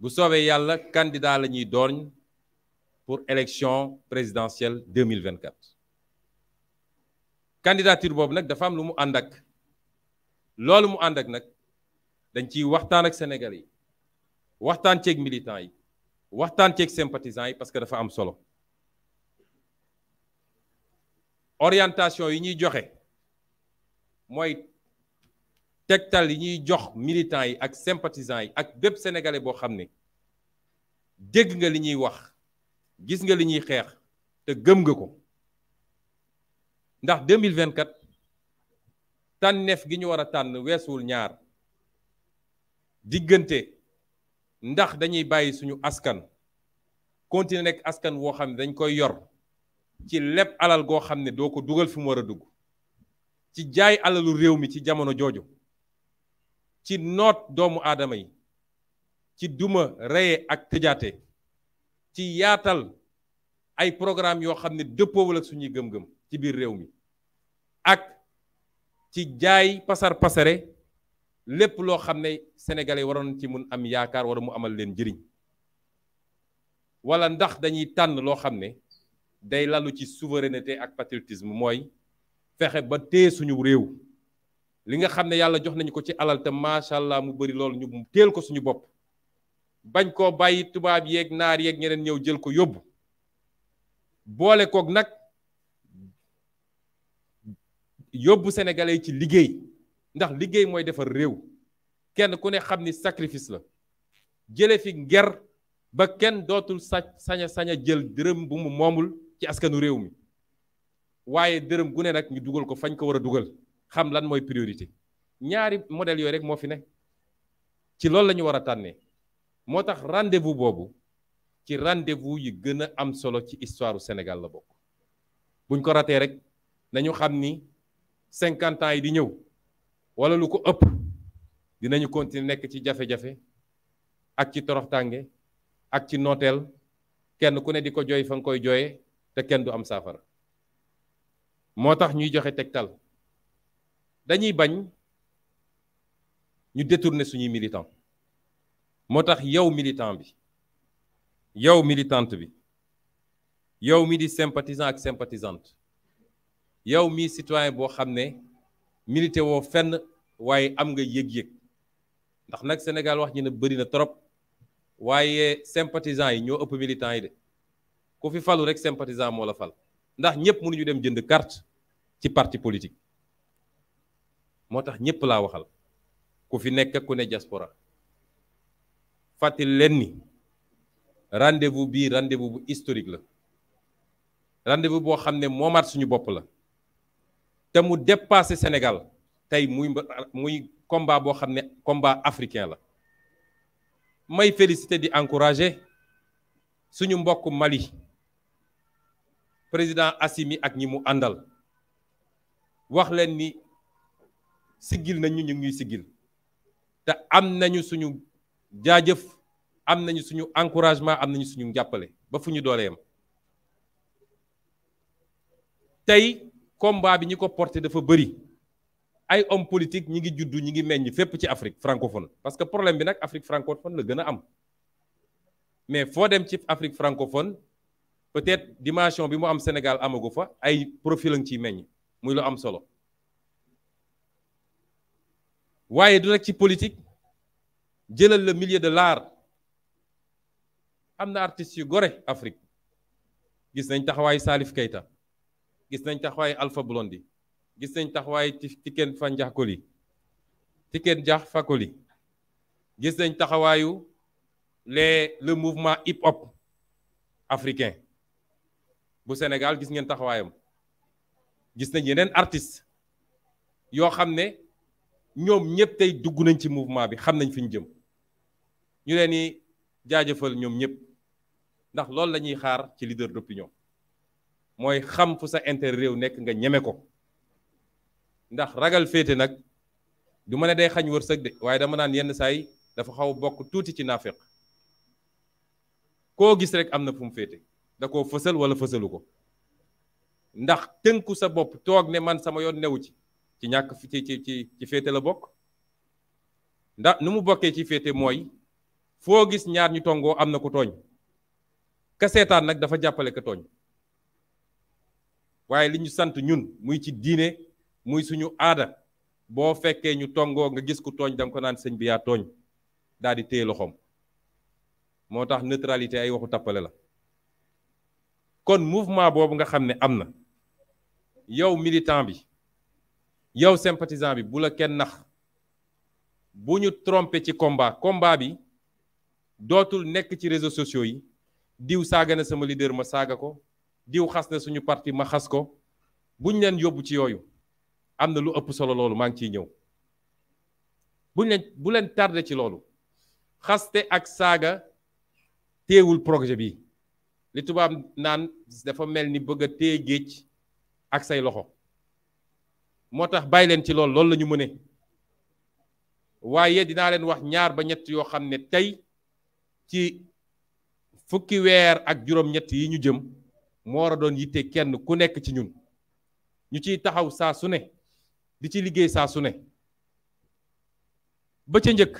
Vous savez, y a le candidat la ñuy pour élection présidentielle 2024 candidature Bob Nek, dafa am lu mu ànd ak andak mu ànd qui nag dañ ak Sénégalais yi waxtaan militants yi waxtaan sympathisants yi parce que dafa am solo orientation yi ñuy joxe Moi. tektal yi ñuy jox militants yi ak sympathisants yi ak bépp sénégalais boo xam ne dégg nga li ñuy wax gis nga li ñuy xeex te gëm nga ko ndax 2024 tànneef gi ñu war a tànn weesuwul ñaar diggante ndax dañuy bàyyi suñu askan continuer nekk askan woo xam ne dañ koy yor ci lepp alal goo xam ne doo ko dugal fi mu war a dugg ci jaay alalu réew ci jamono ci noot doomu aadama yi ci duma reye ak tëjaate ci yaatal ay programme yoo xam ne dëppoowul ak suñuy gëm-gëm ci biir réew mi ak ci jaay pasar pasare lépp loo xam ne sénégalais waroon ci mun am yaakaar wala mu amal leen njëriñ wala ndax dañuy tànn loo xam ne day lalu ci souveraineté ak patriotisme mooy fexe ba téye suñu réew li nga xam ne yàlla jox nañu ko ci alal te macha allah mu bari loolu ñu teel ko suñu bopp bañ koo bàyyi tubaab yeeg naar yeeg ñeneen ñëw jël ko yóbbu boole kook nag yóbbu sénégalais ci liggéey ndax liggéey mooy defar réew kenn ku ne xam ni sacrifice la jële fi nger ba kenn dootul sa saña saña jël dërëm bu mu moomul ci askanu réew mi waaye dërëm gu ne nag ñu dugal ko fañ ko war a dugal xam lan mooy priorité ñaari modèle yooyu rek moo fi ne ci loolu lañu ñu war a tànnee moo tax rendez-vous boobu ci rendez-vous yi gën a am solo ci histoire Sénégal la bokk buñ ko ratee rek nañu xam ni cinquante ans yi di ñëw wala lu ko ëpp dinañu continuer nekk ci jafe-jafe ak ci toroxtànge ak ci nooteel kenn ku ne di ko jooy fa nga koy jooye te kenn du am saafara moo tax ñuy joxe tegtal dañuy bañ ñu détourner suñuy militants moo tax yow militant bi yow militante bi yow mi di sympathisant ak sympathisante yow mi citoyen boo xam ne milité woo fenn waaye am nga yëg-yëg ndax nag Sénégal wax ñi ne bëri na trop waaye sympathisant yi ñoo ëpp militant yi de ku fi falu rek sympathisant moo la fal ndax ñëpp mënuñu dem jënd carte ci parti politique moo tax ñëpp laa waxal ku fi nekk ku ne jaspora fàttali leen ni rendez-vous bii rendez-vous bu historique la rendez-vous boo xam ne moomaat suñu bopp la te mu dépassé senegal tey muy muy combat boo xam ne combat africain la may félicité di encouragé suñu mbokk Mali président Assimi ak ñi mu àndal wax leen ni. siggil nañ ñu ñu ngi siggil te am nañu suñu jaajëf am nañu suñu encouragement am nañu suñu jàppale ba fu ñu doolee yam tey combat bi ñu ko porté dafa bëri ay homme politique ñi ngi juddu ñi ngi meññ fépp ci Afrique francophone parce que problème bi nag Afrique francophone la gën a am mais foo dem ci Afrique francophone peut-être dimension bi mu am Sénégal amagu fa ay profil lañ ciy meññ muy lu am solo. waaye du rek ci politique jëlal le milieu de l'art am na artistes yu gore Afrique gis nañ taxawaayu Salif Keita gis nañ taxawaayu Alpha Blondy gis nañ taxawaayu Tiken Jah Fakoly Tiken Jah Fakoly gis nañ taxawaayu les le mouvement hip hop africain bu Sénégal gis ngeen taxawaayam gis nañ yeneen artistes yoo xam ne. ñoom ñëpp tey dugg nañ ci mouvement bi xam nañ fi ñu jëm ñu ne nii jaajëfal ñoom ñëpp ndax loolu lañuy xaar ci leader d'opinion mooy xam fu sa intérêt réew nekk nga ñeme ko ndax ragal féete nag du ma ne day xañ wërsëg de waaye dama naan yenn saay dafa xaw bokk tuuti ci naafeq koo gis rek am na fu mu féete da koo fësal wala fësalu ko ndax tënku sa bopp toog ne man sama yoon newu ci ci ñàkk ci ci ci ci féete la bokk ndax ni mu bokkee ci féete mooy foo gis ñaar ñu tongoo am na ku tooñ ka seetaan nag dafa jàppale ka tooñ waaye li ñu sant ñun muy ci diine muy suñu aada boo fekkee ñu tongoo nga gis ku tooñ danga ko naan sëñ bi yaa tooñ daal di téye loxoom moo tax neutralité ay waxu tappale la kon mouvement boobu nga xam ne am na yow militant bi yow sympathisant bi bu la kenn nax bu ñu trompé ci combat combat bi dootul nekk ci réseaux sociaux yi diw saaga na sama leader ma saaga ko diw xas na suñu parti ma xas ko buñ leen yóbbu ci yooyu am na lu ëpp solo loolu maa ngi ciy ñëw buñ leen bu leen tardé ci loolu xaste ak saaga téewul projet bi li tubaab naan dafa mel ni bëgg a téye géej ak say loxo moo tax bàyyi leen ci lool loolu lañu ñu mëne waaye dinaa leen wax ñaar ba ñett yoo xam ne tey ci fukki weer ak juróom-ñett yi ñu jëm moo war a doon yitte kenn ku nekk ci ñun ñu ciy taxaw saa su ne di ci liggéey saa su ne ba ca njëkk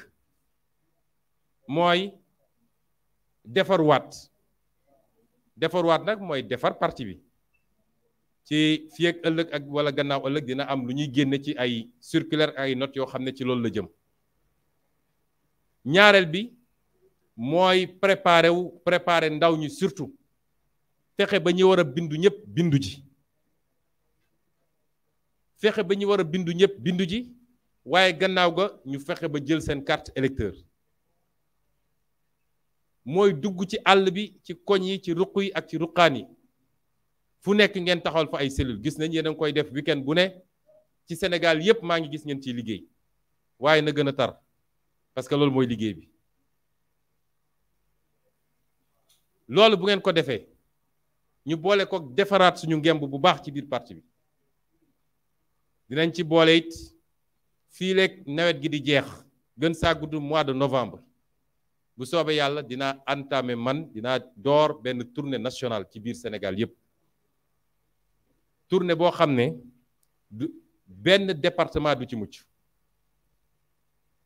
mooy defarwaat defarwaat nag mooy defar parti bi ci fii ëllëg ak wala gannaaw ëllëg dina am lu ñuy génne ci ay circulaire ay notes yoo xam ne ci loolu la jëm ñaareel bi mooy préparé wu préparé ndaw ñi surtout fexe ba ñuy war a bindu ñëpp bindu ji fexe ba war a bindu ñëpp bindu ji waaye gannaaw ga ñu fexe ba jël seen carte électeur mooy dugg ci àll bi ci koñ yi ci ruq yi ak ci ruqaan yi fu nekk ngeen taxawal fa ay cellule gis nañ yéen a koy def weekend bu ne ci Sénégal yépp maa ngi gis ngeen ciy liggéey waaye na gën tar parce que loolu mooy liggéey bi loolu bu ngeen ko defee ñu boole ko defaraat suñu ngemb bu baax ci biir partie bi dinañ ci boole it fii nawet gi di jeex gën saa gudd mois de novembre bu soobee yàlla dinaa entamer man dinaa door benn tournée nationale ci biir Sénégal yépp tournée boo xam ne du benn département du ci mucc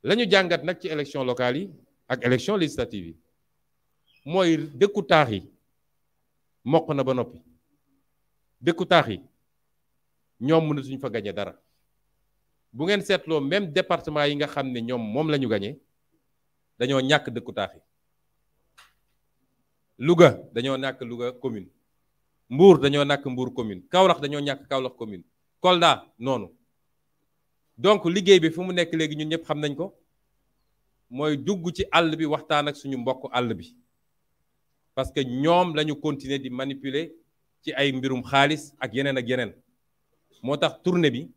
la ñu jàngat nag ci élection locale yi ak élection législative yi mooy dëkku taax yi mokk na ba noppi dëkku taax yi ñoom mënatuñ fa gañe dara bu ngeen seetloo même département yi nga xam ne ñoom moom la ñu gañe dañoo ñàkk dëkku taax yi Louga dañoo ñàkk Louga commune Mbour dañoo nakk mbuur commune Kaolack dañoo ñàkk Kaolack commune Kolda noonu donc liggéey bi fu mu nekk léegi ñun ñëpp xam nañ ko mooy dugg ci àll bi waxtaan ak suñu mbokk àll bi parce que ñoom lañu continuer di manipuler ci ay mbirum xaalis ak yeneen ak yeneen moo tax tournée bi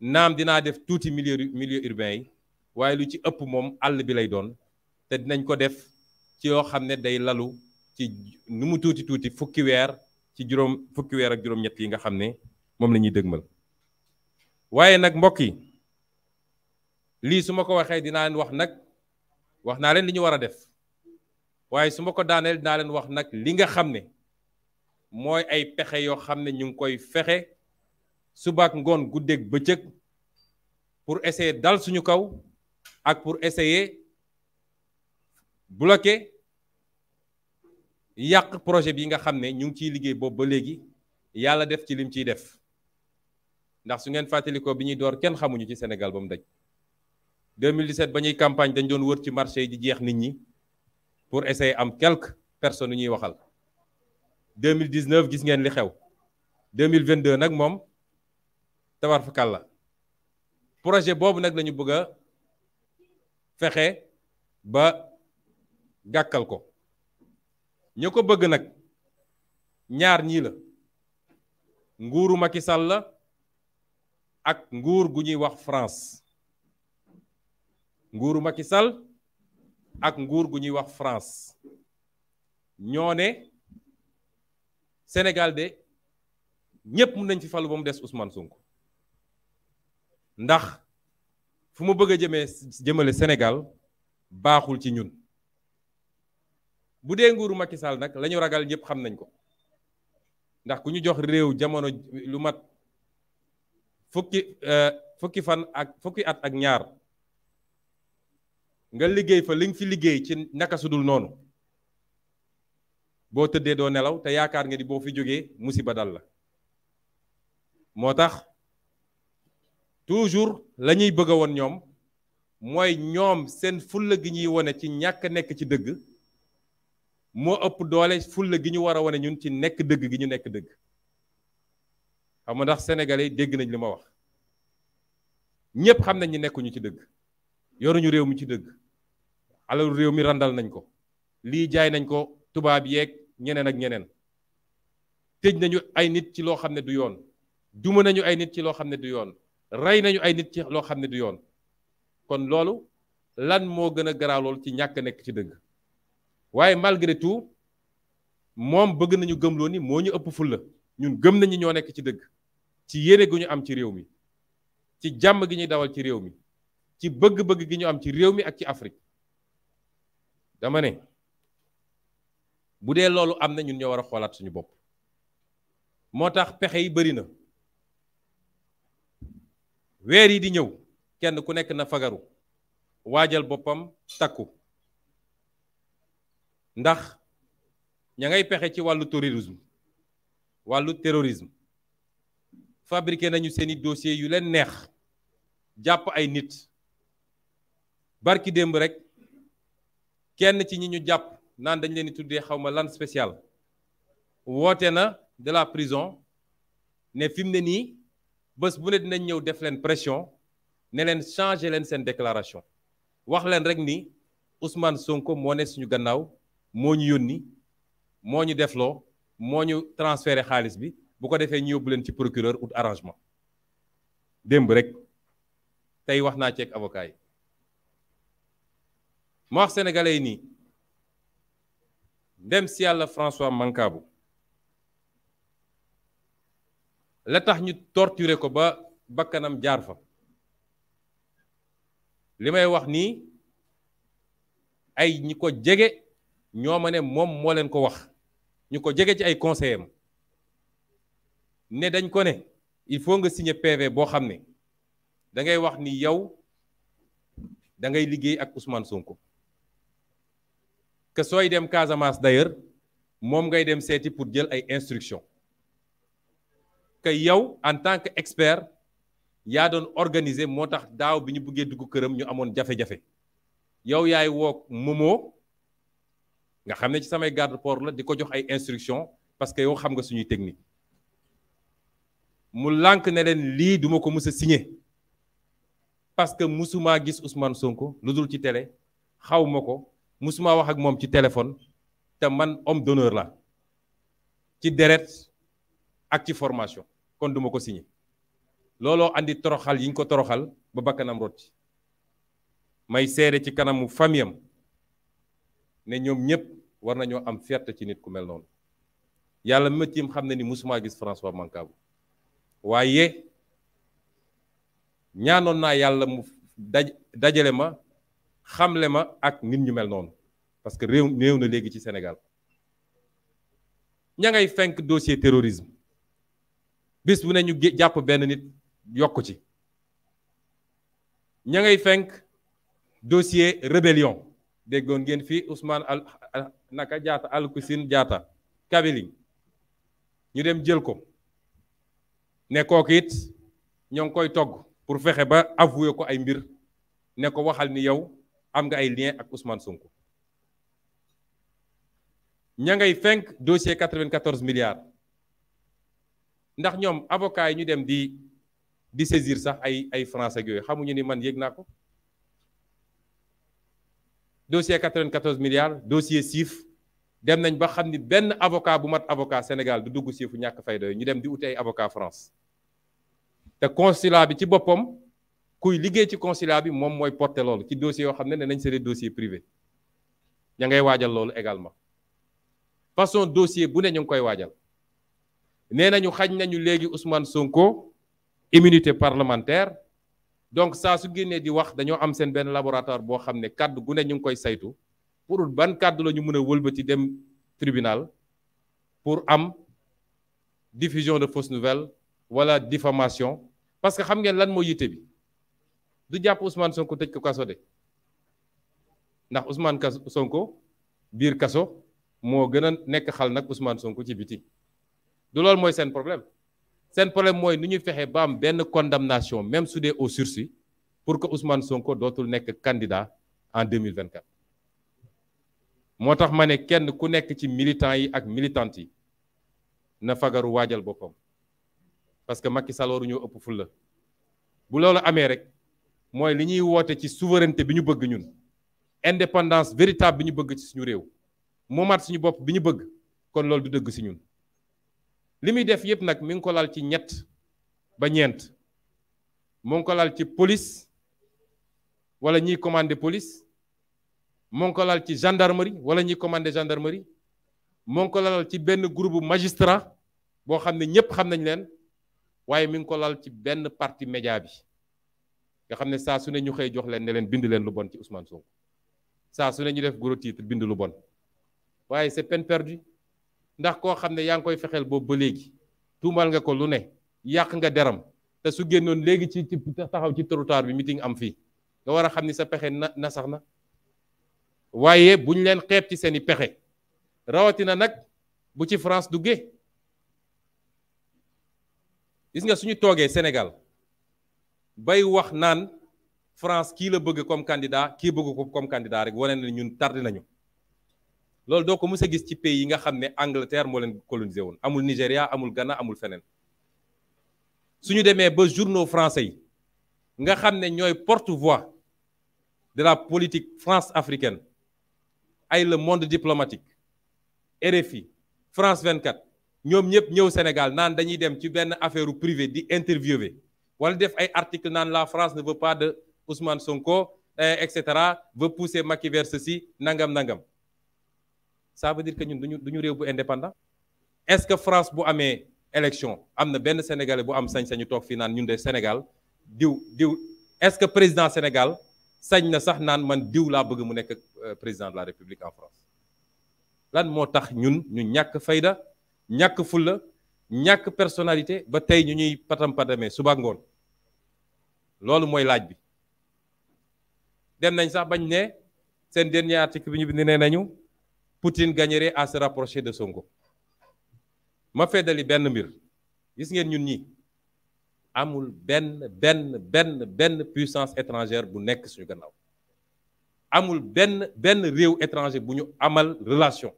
naam dinaa def tuuti milieu millier urbain yi waaye lu ci ëpp moom àll bi lay doon te dinañ ko def ci yoo xam ne day lalu ci nu tuuti tuuti fukki weer ci juróom fukki weer ak juróom-ñett yi nga xam ne moom la ñuy dëgmal waaye nag mbokk yi lii su ma ko waxee dinaa leen wax nag wax naa leen li ñu war a def waaye su ma ko daaneel dinaa leen wax nag li nga xam ne mooy ay pexe yoo xam ne ñu ngi koy fexe subaak ngoon guddeeg bëccëg pour essayer dal suñu kaw ak pour essayer bloquer yak projet bi nga xam ñu ngi ci liggéey boobu ba léegi yàlla def ci lim ciy def ndax su ngeen fàttalikoo bi ñuy door kenn xamuñu ci Sénégal ba daj 2017 ba ñuy campagne dañ doon wër ci marché di jeex nit ñi pour essayer am quelques personnes ñuy waxal 2019 gis ngeen li xew 2022 nag moom tabar fa la projet boobu nag lañu bëgg a ba gàkkal ko ña ko bëgg nag ñaar ñii la nguuru Macky Sall la ak nguur gu ñuy wax France nguuru Macky Sall ak nguur gu ñuy wax France ñoo ne Sénégal de ñépp mën nañ fi falu ba mu des Ousmane Sonko ndax fu mu bëgg a jëmee jëmale senegal baaxul ci ñun bu dee nguuru Macky Sall nag lañu ragal ñëpp xam nañ ko ndax ku ñu jox réew jamono lu mat fukki euh, fukki fan ak fukki at ak ñaar nga liggéey fa li nga fi liggéey ci naka sudul noonu boo tëddee doo nelaw te yaakaar nga ni boo fi jógee musiba dal la moo tax toujours lañuy ñuy bëgg woon ñoom mooy ñoom seen fulla gi ñuy wone ci ñàkk nekk ci dëgg moo ëpp doole fulla gi ñu war a wane ñun ci nekk dëgg gi ñu nekk dëgg xam ndax sénégalais dégg nañ li ma wax ñëpp xam nañ ñi nekkuñu ci dëgg yoruñu réew mi ci dëgg alalu réew mi randal nañ ko lii jaay nañ ko tubaab yeeg ñeneen ak ñeneen tëj nañu ay nit ci loo xam ne du yoon duma nañu ay nit ci loo xam ne du yoon rey nañu ay nit loo xam ne du yoon kon loolu lan moo gën a garaaw ci ñàkk nekk ci dëgg waaye malgré tout moom bëgg nañu gëmloo ni moo ñu ëpp fulla ñun gëm nañu ñoo nekk ci dëgg ci yéene gu ñu am ci réew mi ci jàmm gi ñuy dawal ci réew mi ci bëgg-bëgg gi ñu am ci réew mi ak ci afrig dama ne bu dee loolu am na ñun ñoo war a xoolaat suñu bopp moo tax pexe yi bari na weer yi di ñëw kenn ku nekk na fagaru waajal boppam takku ndax ña ngay pexe ci wàllu terrorisme wàllu terrorisme fabriqué nañu seeni dossier yu leen neex jàpp ay nit barki démb rek kenn ci ñi ñu jàpp naan dañ leen di tuddee xawma ma lan spécial woote na de la prison ne fi mu ne nii bés bu ne dinañ ñëw def leen pression ne leen changer leen seen déclaration wax leen rek ni Ousmane Sonko moo ne suñu gannaaw moo ñu yónni moo ñu defloo moo ñu transféré xaalis bi bu ko defee ñu yóbbu leen ci procureur ou arrangement démb rek tey wax naa ci avocat yi ma wax sénégalais yi nii ndem si yàlla François Mancabou la tax ñu torturer ko ba bakkanam jaar fa li may wax nii ay ñi ko jege nous ma ne moom moo ko wax ñu ko ci ay il faut nga signer PV boo xam da ngay wax ni Ousmane Sonko que sooy dem Casamance d'ailleurs moom ngay dem pour que en tant que expert yaa doon organiser moo tax daaw bi ñu buggee ñu amoon yow Momo nga xam ne ci samay garde port la di ko jox ay instructions parce que yow xam nga suñuy technique mu lànk ne leen lii duma ko mës a signé parce que musuma gis Ousmane Sonko lu dul ci télé xaw ma ko musuma wax ak moom ci téléphone te man homme d'honneur la ci deret ak ci formation kon duma ko signé looloo andi toroxal yi ñu ko toroxal ba bakkanam rot ci may seere ci kanamu famiyam ne ñoom ñëpp war nañoo am fierté ci nit ku mel noonu yàlla métier xam ne ni musuma gis François Mancabou waaye ñaanoon naa yàlla mu daj dajale ma xamle ma ak nit ñu mel noonu parce que réew néew na léegi ci Sénégal ña ngay fenk dossier terrorisme bis bu ne ñu jàpp benn nit yokk ci ña ngay fenk dossier rébellion déggoon ngeen fi Ousmane al naka jaata alkusin jaata kabiliñ ñu dem jël ko ne kooku it ñoo ngi koy togg pour fexe ba avoué ko ay mbir ne ko waxal ni yow am nga ay lien ak Ousmane sunk ña ngay fenk dossier 94 milliards ndax ñoom avocat yi ñu dem di di saisir sax ay ay français ak yooyu xamuñu ni man yéeg naa ko dossier 94 milliards dossier SIF. dem nañ ba xam Ben avocat bu mat avocat Sénégal du dugg siifu ñàkk fayda ñu dem di avocat France te consulat bi ci boppam kuy liggéey ci consulat bi moom mooy porter loolu ci dossier yoo ne nañ c'est des privé. privés ña ngay waajal loolu également façon dossier bu ne ñu ngi koy waajal nee nañu xañ nañu léegi Ousmane Sonko immunité parlementaire donc saa su génnee di wax dañoo am seen benn laboratoire boo xam ne kàddu gune ñu ngi koy saytu pour ban kàddu la ñu mën a wëlbati dem tribunal pour am diffusion de fausse nouvelle wala diffamation parce que xam ngeen lan moo yitte bi du jàpp Ousmane Sonko tëj ko kaso de ndax Ousmane Sonko biir kaso moo gën a nekk xal nag Ousmane Sonko ci biti du loolu mooy seen problème un problème moy nu fexé fexe ba am condamnation même sous des au sursis pour que Ousmane Sonko dootul nek candidat en 2024 motax mané ne kenn ku nek ci militants yi ak militante yi na fagaru waajal boppam parce que Macky Sall waru ñu ëpp fulle bu loolu amé rek moy li ñuy ci souveraineté bi ñu bëgg ñun indépendance véritable bi ñu bëgg ci suñu réew moomaat suñu bop bi ñu bëgg kon loolu du dëgg ci ñun li muy def yëpp nag mu ngi ko lal ci ñett ba ñeent mu ngi ko lal ci police wala ñiy commandé police mu ngi ko lal ci gendarmerie wala ñiy commandé gendarmerie mu ngi ko lal ci benn groupe magistrat boo xam ne ñëpp xam nañ leen waaye mi ngi ko lal ci benn parti média bi nga xam ne saa su ne ñu xëy jox leen ne leen bind leen lu bon ci Ousmane Sonko saa su ne ñu def gros titre bind lu bon waaye c'est peine perdue ndax koo xam ne yaa ngi koy fexeel boobu ba léegi tuumal nga ko lu ne yàq nga deram te su génnoon léegi ci taxaw ci trottoir bi meeting am fii nga war a xam ni sa pexe na na sax na waaye buñ leen xeeb ci seen i pexe rawatina nag bu ci France duggee gis nga suñu toogee Sénégal bay wax naan France kii la bëgg comme candidat kii bëgg ko comme candidat rek wane na ñun lol doko vous gis ci pays yi nga xamné Angleterre mo len coloniser won amul Nigeria, amul Ghana amul fenen suñu démé ba journaux français nous nga xamné porte-voix de la politique France africaine ay le monde diplomatique RFI France 24 ñom ñep au Sénégal nan dañuy dem ci ben affaire privé di interviewer wala def ay article nan la France ne veut pas de Ousmane Sonko etc. cetera veut pousser Maciver vers ceci nangam nangam ça veut dire que nous duñu est-ce que France bu élection am na sénégalais bu am sañ-sañu Sénégal est-ce que président Sénégal sañ na sax man diw bëgg mu nekk euh, président de la République en France lan moo ñun ñu ñàkk fayda personnalité ba tey ñuy patam-patamee suba ngoon loolu mooy laaj bi dem nañ sax bañ ne dernier article bi ñu nee Poutine gagnerait à se rapprocher de Sonko ma feddali benn mbir gis ngeen ñun ñi amul ben ben ben ben puissance étrangère bu nekk suñu gannaaw amul ben ben réew étranger bu ñu amal relation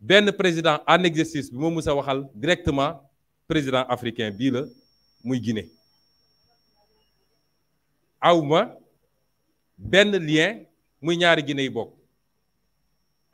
Ben président en exercice bi moo waxal directement président africain bii la muy Guinée awma ben lien muy ñaari Guinée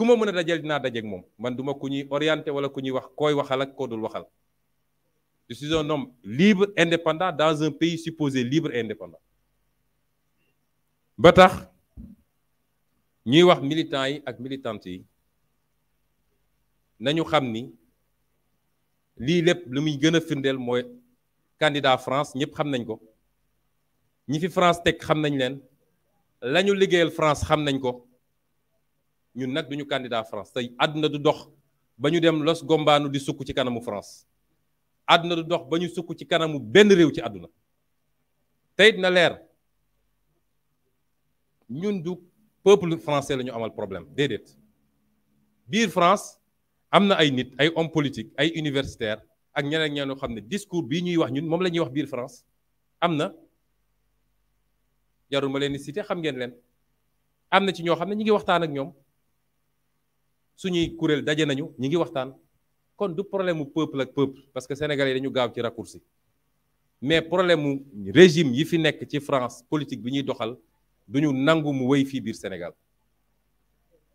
kuma ma mën a dajal dinaa dajeeg moom man duma ku ñuy orienté wala ku ñuy wax kooy waxal ak koo dul waxal je suis un homme libre indépendant dans un pays supposé libre et indépendant ba tax ñuy wax militants yi ak militantes yi nañu xam ni lii lépp lu muy gën a firndeel mooy candidat France ñëpp xam nañ ko ñi fi France teg xam nañ leen lañu liggéeyal France xam nañ ko ñun nag duñu candidat France tey àdduna du dox ba ñu dem los gombaanu di sukk ci kanamu France àdduna du dox ba ñu sukk ci kanamu benn réew ci àdduna teyit na leer ñun du peuple français la ñu amal problème déedéet biir France am na ay nit ay homme politique ay universitaire ak ñeneen ñoo xam ne discours bii ñuy wax ñun moom la ñuy wax biir France am na jarul ma leen di cité xam ngeen leen am na ci ñoo xam ne ñu ngi waxtaan ak ñoom suñuy kuréel daje nañu ñi ngi waxtaan kon du problème mu peuple ak peuple parce que yi dañu gaaw ci raccourci mais problème mu régime yi fi nekk ci France politique bi ñuy doxal duñu nangu mu woy fii biir Sénégal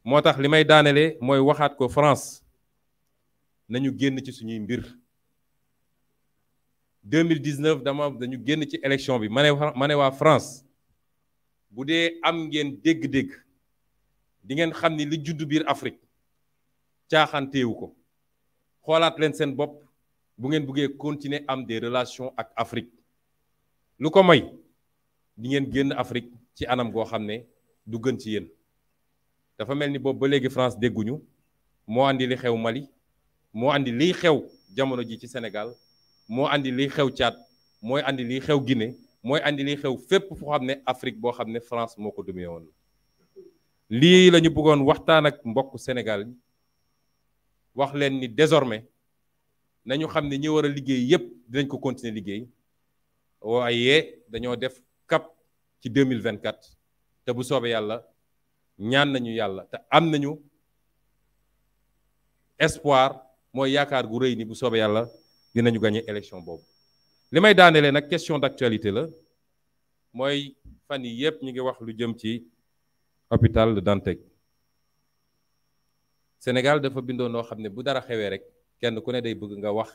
moo tax li may daanelee mooy waxaat ko France nañu génn ci suñuy mbir 2019 dama dañu génn ci élection bi ma ne ma ne waa France bu dee am ngeen dégg-dégg di ngeen xam ni li judd biir Afrique caaxanteewu ko xoolaat len sen bop bu ngeen buggee continuer am des relations ak Afrique lu ko may di ngeen génn Afrique ci anam goo xam ne du gën ci yéen dafa mel ni boobu ba léegi France dégguñu moo andi li xew Mali moo andi liy xew jamono ji ci Sénégal moo andi liy xew Tchad mooy andi liy xew Guinée mooy andi liy xew fépp pour xam ne Afrique boo xam ne France moo ko dominé woon lii la bëggoon waxtaan ak mbokk Sénégal wax leen ni désormais nañu xam ne ñi war a liggéey yépp dinañ ko continuer liggéey waaye dañoo def cap ci 2024 te bu soobee yàlla ñaan nañu yàlla te am nañu espoir mooy yaakaar gu rëy ni bu soobee yàlla dinañu gagner élection boobu li may daanelee nag question d'actualité la mooy fan yi yépp ñu ngi wax lu jëm ci hôpital de Dantec Sénégal dafa bindoo noo xam ne bu dara xewee rek kenn ku ne day bëgg nga wax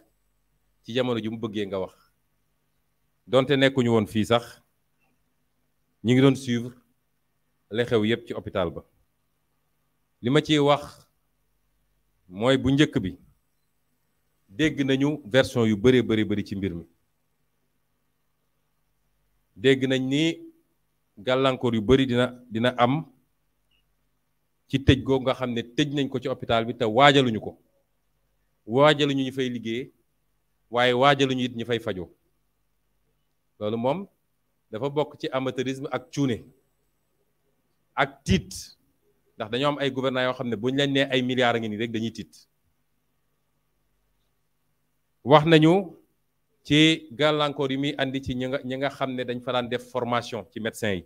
ci jamono ju mu bëggee nga wax donte nekkuñu woon fii sax ñi ngi doon suivre la xew yépp ci hôpital ba li ma ciy wax mooy bu njëkk bi dégg nañu version yu bëree bëri bari ci mbir mi dégg nañ ni gàllankoor yu bari dina dina am ci tëj googu nga xam ne tëj nañ ko ci hôpital bi te waajaluñu ko waajaluñu ñu fay liggéey waaye waajaluñu it ñu fay fajoo loolu moom dafa bokk ci amateurisme ak cuune ak tiit ndax dañoo am ay gouvernants yoo xam ne buñ lañ nee ay milliards a ngi nii rek dañuy tiit wax nañu ci gàllankoor yi muy indi ci ñi nga ñi nga xam ne dañ fa def formation ci médecin yi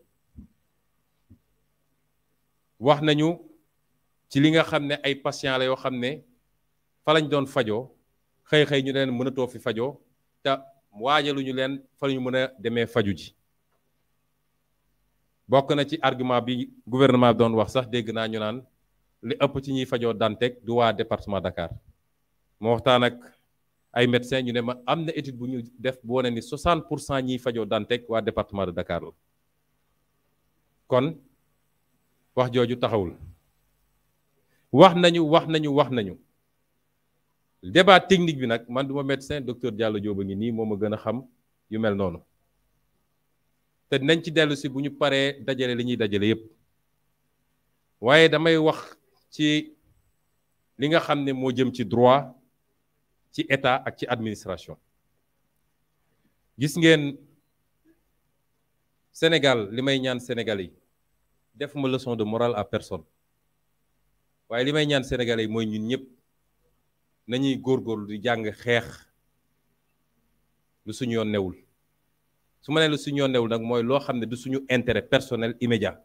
wax nañu ci li nga xam ne ay patient la yoo xam ne fa lañ doon fajoo xëy-xëy ñu leen mënatoo fi fajoo te waajaluñu leen fa lañu mën a demee faju ji bokk na ci argument bi gouvernement bi doon wax sax dégg naa ñu naan li ëpp ci ñuy fajoo Dantec du waa département dakaar moo waxtaan ak ay médecin ñu ne ma am na étude bu ñu def boo ne ni 60 pour cent ñiy fajoo Dantec waa département de Dakar la kon wax jooju taxawul wax nañu wax nañu wax nañu débat technique bi nak man duma médecin docteur Diallo Diop ngi ni moma gëna xam yu mel nonu té nañ ci délu si buñu paré dajalé liñuy dajalé yépp wayé damay wax ci li nga xamné mo jëm ci droit ci état ak ci administration gis ngeen Sénégal limay ñaan sénégalais def ma leçon de morale à personne waye li ñaan sénégalais moy ñun ñëpp nañuy gor di jang xex lu suñu yon newul suma ma lu suñu yon newul nak moy lo xamné du suñu intérêt personnel immédiat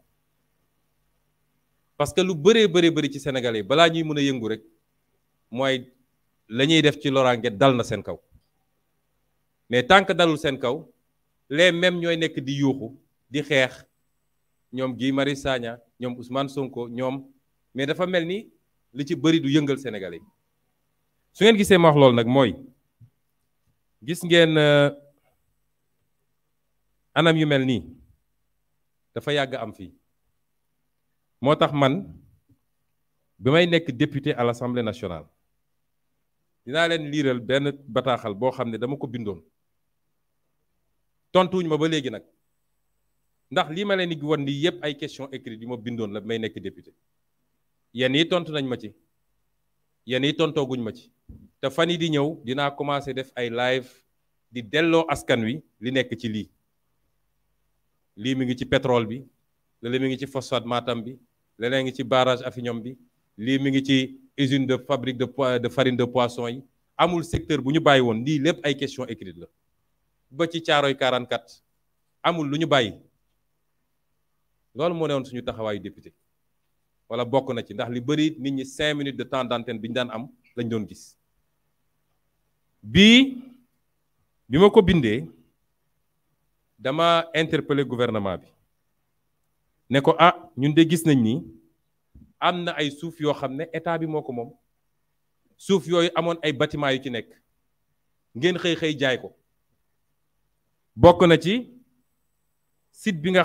parce que lu bëree bëree bëri ci sénégalais bala ñuy mëna yëngu rek moy lañuy def ci lorangé dal na sen kaw mais tant que dalul sen kaw les mêmes ñoy nek di yuxu di xex ñom gi Marius ñom Ousmane Sonko ñom mais dafa mel ni li ci bari du yëngal Sénégalais yi su ngeen gisee ma wax loolu nag mooy gis ngeen euh, anam yu mel nii dafa yàgg am fii moo tax man bi may nekk député à l'Assemblée nationale dinaa leen liiral benn bataaxal boo xam ne dama ko bindoon tontuwuñ ma ba léegi nag ndax lii ma leen di wan nii yépp ay question écrite yu ma bindoon la may nekk député yéen yi tontu nañ ma ci yéen yi tontooguñ ma ci te fan yi di ñëw dinaa commencé def ay live di delloo askan wi li nekk ci lii lii mi ngi ci pétrole bi lële mi ngi ci phosphate Matam bi leneen ngi ci barrage Affiniam bi lii mi ngi ci usine de fabrique de de farine de poisson yi amul secteur bu ñu bàyyi woon lii lépp ay question écrite la ba ci caaroy 44 amul lu ñu bàyyi loolu moo ne woon suñu taxawaayu député wala bokk na ci ndax li bëri nit ñi 5 minutes de temps d'antenne daan am lañ doon gis bi ma ko dama interpeller gouvernement bi ne ko ah ñun de gis nañ ni am na ay suuf yoo xam état bi moo ko moom suuf yooyu ay bâtiment yu ci nekk na site bi nga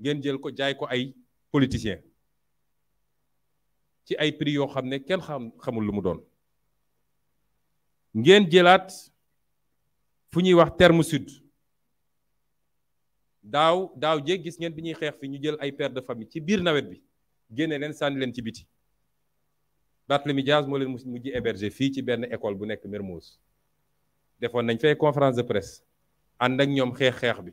ngeen jël ko jaay ko ay politiciens ci ay prix yoo xam ne kenn xam xamul lu mu doon ngeen jëlaat fu ñuy wax terme sud daaw daaw jéeg gis ngeen bi ñuy xeex fi ñu jël ay père de famille ci biir nawet bi génne leen sànni leen ci biti mi Dias moo leen mujj héberger fii ci benn école bu nekk Mermoz defoon nañ fay conférence de presse ànd ak ñoom xeex xeex bi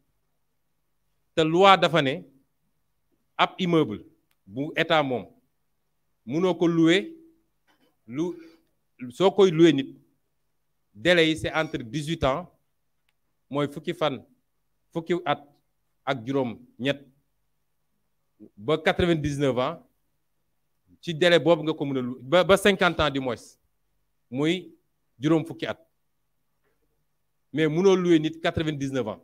te loi dafa ne ab immeuble bu état moom munoo ko louer lu soo koy louer nit délai yi c'est entre dix-huit ans mooy fukki fan fukki at ak juróom ñett ba quatre-vingt-dix-neuf ans ci délai boobu nga ko mën a lu ba ba cinquante ans du moins muy juróom fukki at mais munoo louer nit quatre-vingt-dix-neuf ans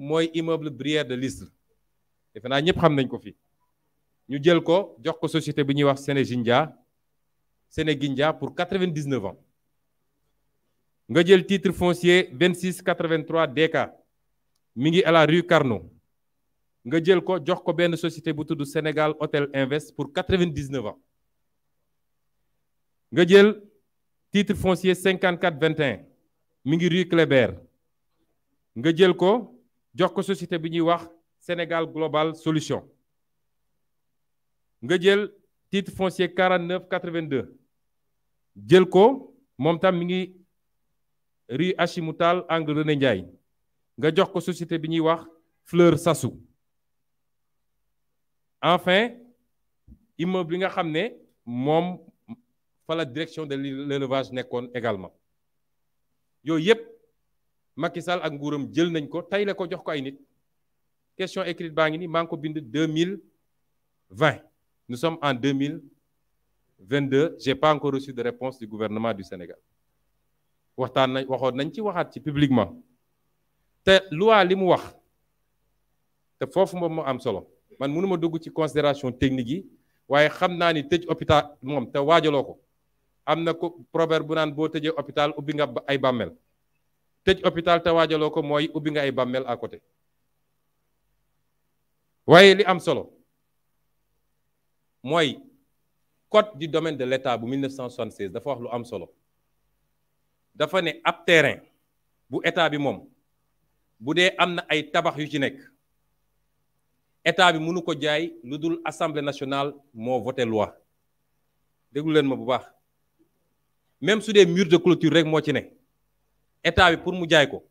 Moy immeuble Brière de l'Isle defe naa ñëpp xam nañ ko fi ñu jël ko jox ko société bi ñuy wax Sénégindia pour 99 ans nga le titre foncier 26 83 DK mi ngi à la rue Carnot nga jël ko jox ko société bu tudd Sénégal Hôtel Invest pour 99 ans nga le titre foncier 54 21 mi ngi rue Clébert nga jël ko jox ko société bi wax Sénégal Global Solution nga jël titre foncier 49 82 jël ko moom tam mi ngi rue Achimoutal angle René Ndiaye nga jox ko société bi wax Fleur Sassou enfin immeuble bi nga xam ne moom la direction de l'élevage nekkoon également Yo yépp Macky Sall ak nguuram jël nañ ko tey la ko jox ko ay nit question écrite baa ngi ni maa ngi ko bind 2020 nous sommes en 2022 j'ai pas encore reçu de réponse du gouvernement du Sénégal waxtaan nañ waxoon nañ ci waxaat ci publiquement te loi li mu wax te foofu moom mo am solo man mënuma dugg ci considération technique yi waaye xam naa ni tëj hôpital moom te waajaloo ko am na ko proverbe bu naan boo tëjee hôpital ubbi nga ay bàmmeel tej hôpital te waajaloo ko mooy ubbi nga ay à côté waye li am solo moy code du domaine de l'État bu 1976 dafa wax lu am solo dafa ne ab terrain bu état bi mom budé à ay tabax yu ci nekk état bi munu ko jaay ludul assemblée nationale mo voté loi déglu len ma bu baax même sous des murs de clôture rek mo ci état bi pour mu jaay ko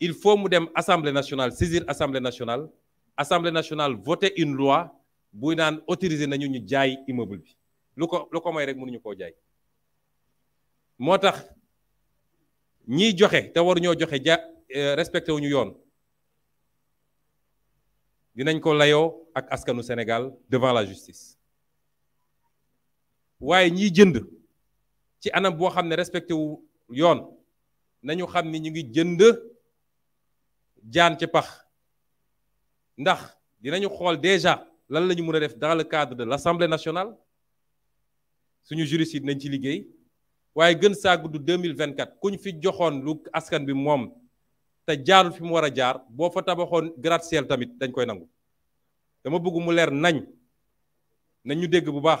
il faut mu dem assemblée nationale saisir assemblée nationale assemblée nationale voter une loi buy naan autoriser nañu ñu jaay immeuble bi lu ko lu ko mooy rek ñu koo jaay moo tax ñiy joxe te waruñoo joxe ja euh, respecté wuñu yoon dinañ ko layoo ak askanu Sénégal devant la justice waaye ñi jënd ci anam boo xam ne respecté yoon nañu xam ni ñu ngi jënd jaan ci pax ndax dinañu xool déjà lan la ñu mën a def dans le cadre de l'Assemblée nationale suñu juriste yi nañ ci liggéey waaye gën saa gudd 2024 kuñ fi joxoon lu askan bi moom te jaarul fi mu war a jaar boo fa tabaxoon gratte-ciel tamit dañ koy nangu dama bëgg mu leer nañ nañu dégg bu baax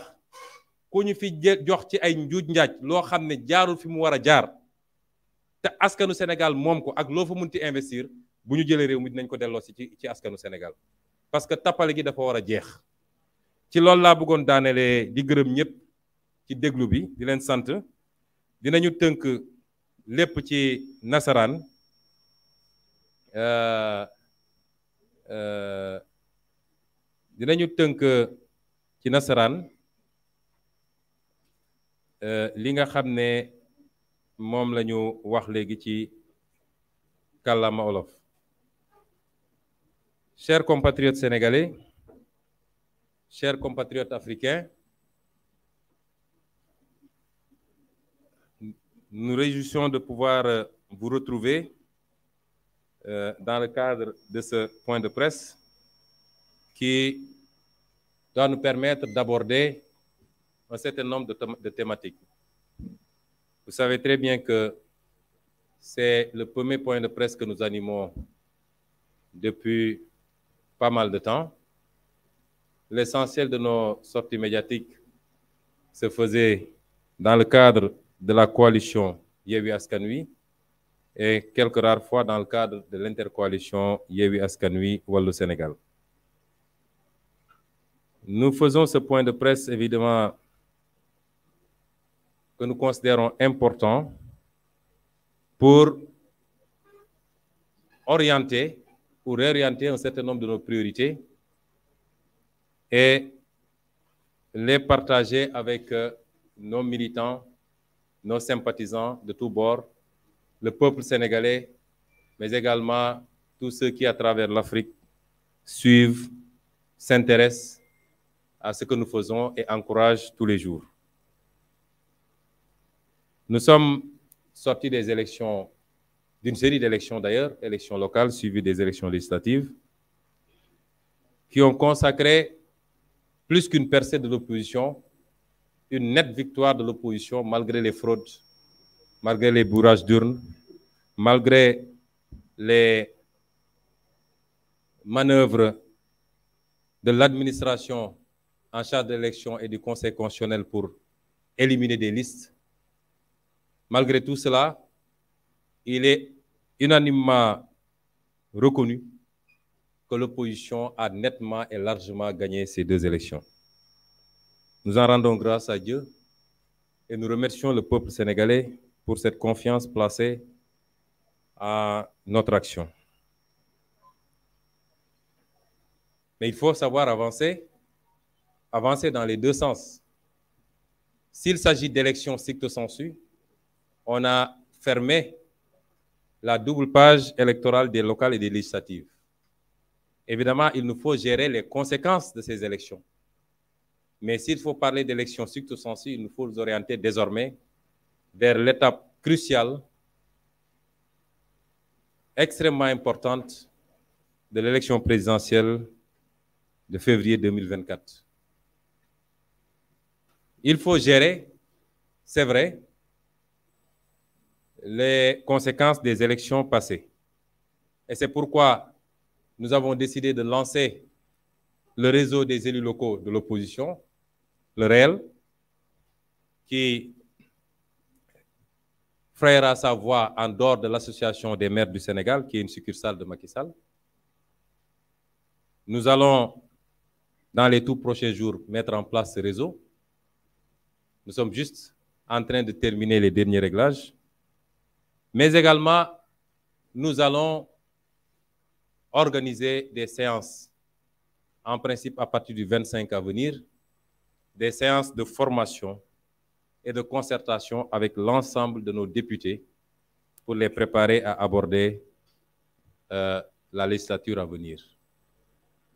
ku ñu fi jox ci ay njuuj njaaj loo xam ne jaarul fi mu war a jaar te askanu Sénégal moom ko ak loo fa munti investir bu ñu jëlee réew mi dinañ ko delloo si ci ci askanu Sénégal parce que tappale gi dafa war a jeex ci loolu laa bëggoon daanelee di gërëm ñëpp ci déglu bi di leen sant dinañu tënk lépp ci nasaraan euh, euh, dinañu tënk ci nasaraan euh, li nga xam ne mom olof chers compatriotes sénégalais chers compatriotes africains nous réjouissons de pouvoir euh, vous retrouver euh, dans le cadre de ce point de presse qui doit nous permettre d'aborder un certain nombre de thématiques vous savez très bien que c'est le premier point de presse que nous animons depuis pas mal de temps. L'essentiel de nos sorties médiatiques se faisait dans le cadre de la coalition Yewi Askanui et quelques rares fois dans le cadre de l'intercoalition Yewi Askanui Wallou Sénégal. Nous faisons ce point de presse évidemment que nous considérons important pour orienter ou réorienter un certain nombre de nos priorités et les partager avec euh, nos militants, nos sympathisants de tous bords, le peuple sénégalais, mais également tous ceux qui, à travers l'Afrique, suivent, s'intéressent à ce que nous faisons et encouragent tous les jours. Nous sommes sortis des élections, d'une série d'élections d'ailleurs, élections locales suivies des élections législatives, qui ont consacré plus qu'une percée de l'opposition, une nette victoire de l'opposition malgré les fraudes, malgré les bourrages d'urnes, malgré les manœuvres de l'administration en charge de l'élection et du Conseil constitutionnel pour éliminer des listes, Malgré tout cela, il est unanimement reconnu que l'opposition a nettement et largement gagné ces deux élections. Nous en rendons grâce à Dieu et nous remercions le peuple sénégalais pour cette confiance placée à notre action. Mais il faut savoir avancer, avancer dans les deux sens. S'il s'agit d'élections stricto sensu, on a fermé la double page électorale des locales et des législatives. Évidemment, il nous faut gérer les conséquences de ces élections. Mais s'il faut parler d'élections sensu, il nous faut nous orienter désormais vers l'étape cruciale, extrêmement importante, de l'élection présidentielle de février 2024. Il faut gérer, c'est vrai, les conséquences des élections passées. Et c'est pourquoi nous avons décidé de lancer le réseau des élus locaux de l'opposition, le REL, qui frère sa voix en dehors de l'Association des maires du Sénégal, qui est une succursale de Macky Sall. Nous allons, dans les tout prochains jours, mettre en place ce réseau. Nous sommes juste en train de terminer les derniers réglages. Mais également, nous allons organiser des séances, en principe à partir du 25 à venir, des séances de formation et de concertation avec l'ensemble de nos députés pour les préparer à aborder euh, la législature à venir.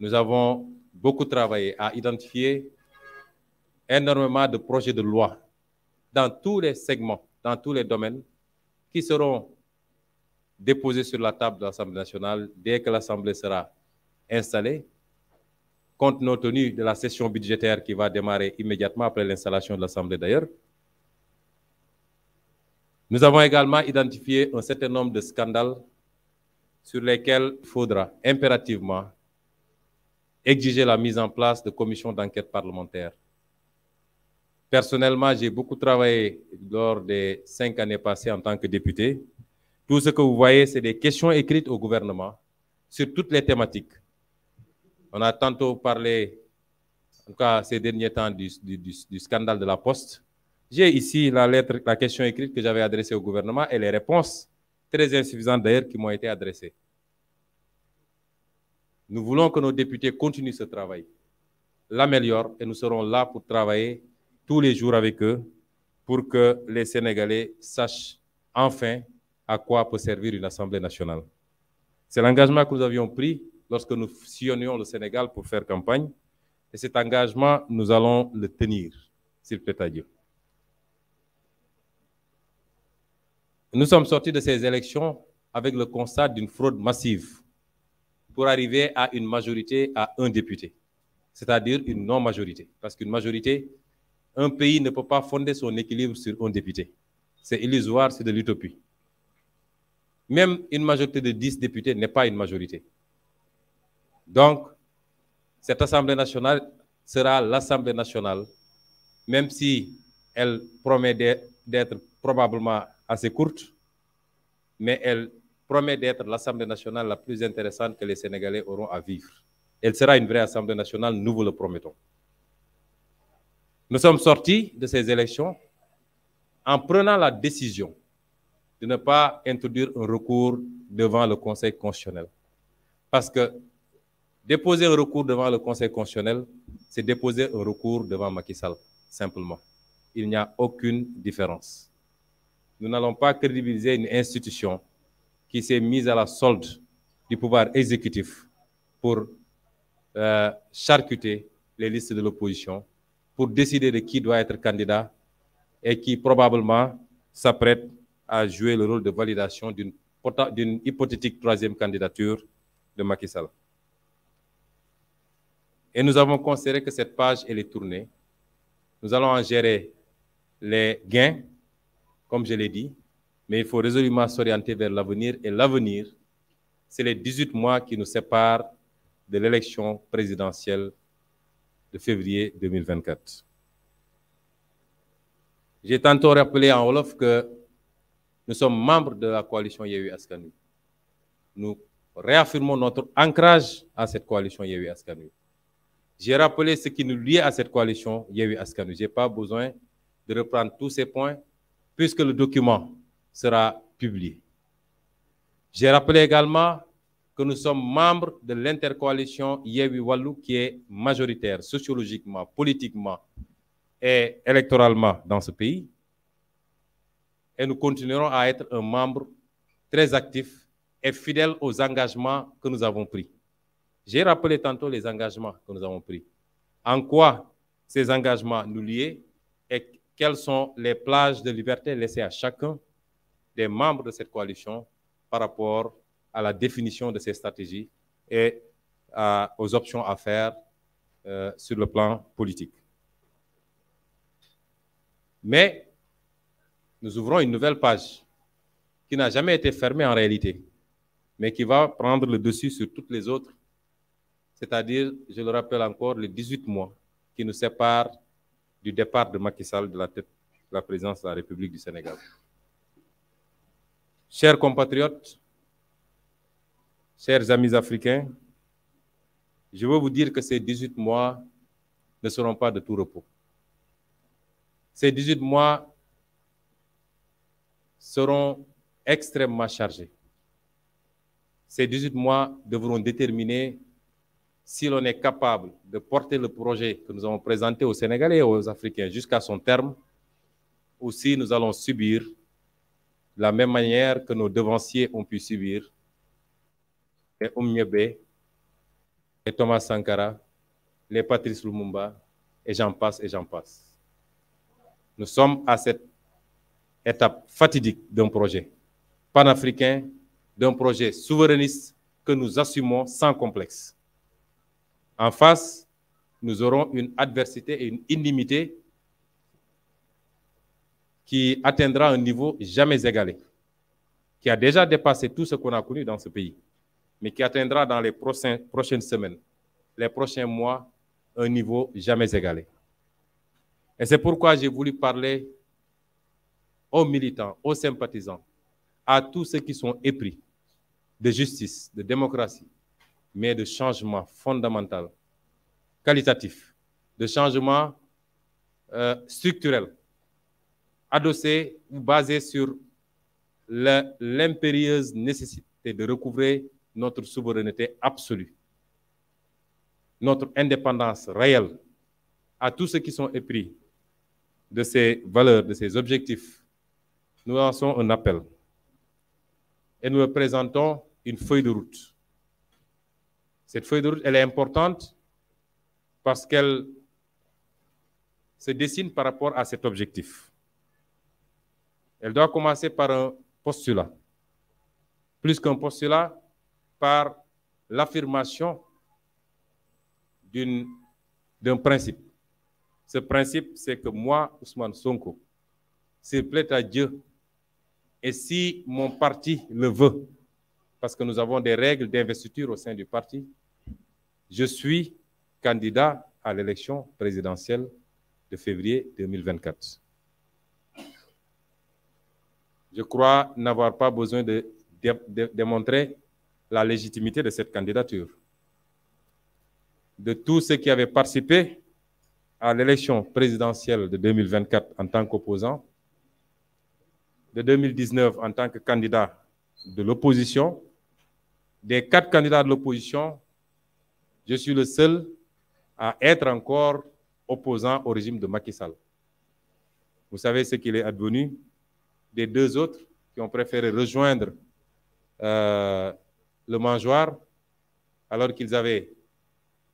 Nous avons beaucoup travaillé à identifier énormément de projets de loi dans tous les segments, dans tous les domaines qui seront déposés sur la table de l'Assemblée nationale dès que l'Assemblée sera installée, compte tenu de la session budgétaire qui va démarrer immédiatement après l'installation de l'Assemblée d'ailleurs. Nous avons également identifié un certain nombre de scandales sur lesquels il faudra impérativement exiger la mise en place de commissions d'enquête parlementaire Personnellement, j'ai beaucoup travaillé lors des cinq années passées en tant que député. Tout ce que vous voyez, c'est des questions écrites au gouvernement sur toutes les thématiques. On a tantôt parlé, en tout cas ces derniers temps, du, scandale de la Poste. J'ai ici la lettre, la question écrite que j'avais adressée au gouvernement et les réponses, très insuffisantes d'ailleurs, qui m'ont été adressées. Nous voulons que nos députés continuent ce travail, l'améliorent et nous serons là pour travailler tous les jours avec eux pour que les Sénégalais sachent enfin à quoi peut servir une Assemblée nationale. C'est l'engagement que nous avions pris lorsque nous sillonnions le Sénégal pour faire campagne. Et cet engagement, nous allons le tenir, s'il plaît à Dieu. Nous sommes sortis de ces élections avec le constat d'une fraude massive pour arriver à une majorité à un député, c'est-à-dire une non-majorité, parce qu'une majorité un pays ne peut pas fonder son équilibre sur un député. C'est illusoire, c'est de l'utopie. Même une majorité de 10 députés n'est pas une majorité. Donc, cette Assemblée nationale sera l'Assemblée nationale, même si elle promet d'être probablement assez courte, mais elle promet d'être l'Assemblée nationale la plus intéressante que les Sénégalais auront à vivre. Elle sera une vraie Assemblée nationale, nous vous le promettons. Nous sommes sortis de ces élections en prenant la décision de ne pas introduire un recours devant le Conseil constitutionnel. Parce que déposer un recours devant le Conseil constitutionnel, c'est déposer un recours devant Macky Sall, simplement. Il n'y a aucune différence. Nous n'allons pas crédibiliser une institution qui s'est mise à la solde du pouvoir exécutif pour euh, charcuter les listes de l'opposition pour décider de qui doit être candidat et qui probablement s'apprête à jouer le rôle de validation d'une hypothétique troisième candidature de Macky Sall. Et nous avons considéré que cette page, elle est tournée. Nous allons en gérer les gains, comme je l'ai dit, mais il faut résolument s'orienter vers l'avenir. Et l'avenir, c'est les 18 mois qui nous séparent de l'élection présidentielle de février 2024. J'ai tantôt rappelé en Olof que nous sommes membres de la coalition Yehu Askanu. Nous réaffirmons notre ancrage à cette coalition Yehu Askanu. J'ai rappelé ce qui nous lie à cette coalition Yehu Askanu. Je n'ai pas besoin de reprendre tous ces points puisque le document sera publié. J'ai rappelé également que nous sommes membres de l'intercoalition Yewi Wallou qui est majoritaire sociologiquement, politiquement et électoralement dans ce pays. Et nous continuerons à être un membre très actif et fidèle aux engagements que nous avons pris. J'ai rappelé tantôt les engagements que nous avons pris. En quoi ces engagements nous lient et quelles sont les plages de liberté laissées à chacun des membres de cette coalition par rapport à la définition de ces stratégies et aux options à faire euh, sur le plan politique. Mais nous ouvrons une nouvelle page qui n'a jamais été fermée en réalité, mais qui va prendre le dessus sur toutes les autres, c'est-à-dire, je le rappelle encore, les 18 mois qui nous séparent du départ de Macky Sall de la présidence de la République du Sénégal. Chers compatriotes, Chers amis africains, je veux vous dire que ces 18 mois ne seront pas de tout repos. Ces 18 mois seront extrêmement chargés. Ces 18 mois devront déterminer si l'on est capable de porter le projet que nous avons présenté aux Sénégalais et aux Africains jusqu'à son terme, ou si nous allons subir la même manière que nos devanciers ont pu subir et Oumyebe, et Thomas Sankara, les Patrice Lumumba, et j'en passe, et j'en passe. Nous sommes à cette étape fatidique d'un projet panafricain, d'un projet souverainiste que nous assumons sans complexe. En face, nous aurons une adversité et une inimité qui atteindra un niveau jamais égalé, qui a déjà dépassé tout ce qu'on a connu dans ce pays mais qui atteindra dans les prochaines semaines, les prochains mois, un niveau jamais égalé. Et c'est pourquoi j'ai voulu parler aux militants, aux sympathisants, à tous ceux qui sont épris de justice, de démocratie, mais de changement fondamental, qualitatif, de changement euh, structurel, adossé ou basé sur l'impérieuse nécessité de recouvrer notre souveraineté absolue, notre indépendance réelle à tous ceux qui sont épris de ces valeurs, de ces objectifs. Nous lançons un appel et nous présentons une feuille de route. Cette feuille de route, elle est importante parce qu'elle se dessine par rapport à cet objectif. Elle doit commencer par un postulat. Plus qu'un postulat, par l'affirmation d'un principe. Ce principe, c'est que moi, Ousmane Sonko, s'il plaît à Dieu, et si mon parti le veut, parce que nous avons des règles d'investiture au sein du parti, je suis candidat à l'élection présidentielle de février 2024. Je crois n'avoir pas besoin de démontrer la légitimité de cette candidature. De tous ceux qui avaient participé à l'élection présidentielle de 2024 en tant qu'opposant, de 2019 en tant que candidat de l'opposition, des quatre candidats de l'opposition, je suis le seul à être encore opposant au régime de Macky Sall. Vous savez ce qu'il est advenu des deux autres qui ont préféré rejoindre euh, le mangeoire, alors qu'ils avaient,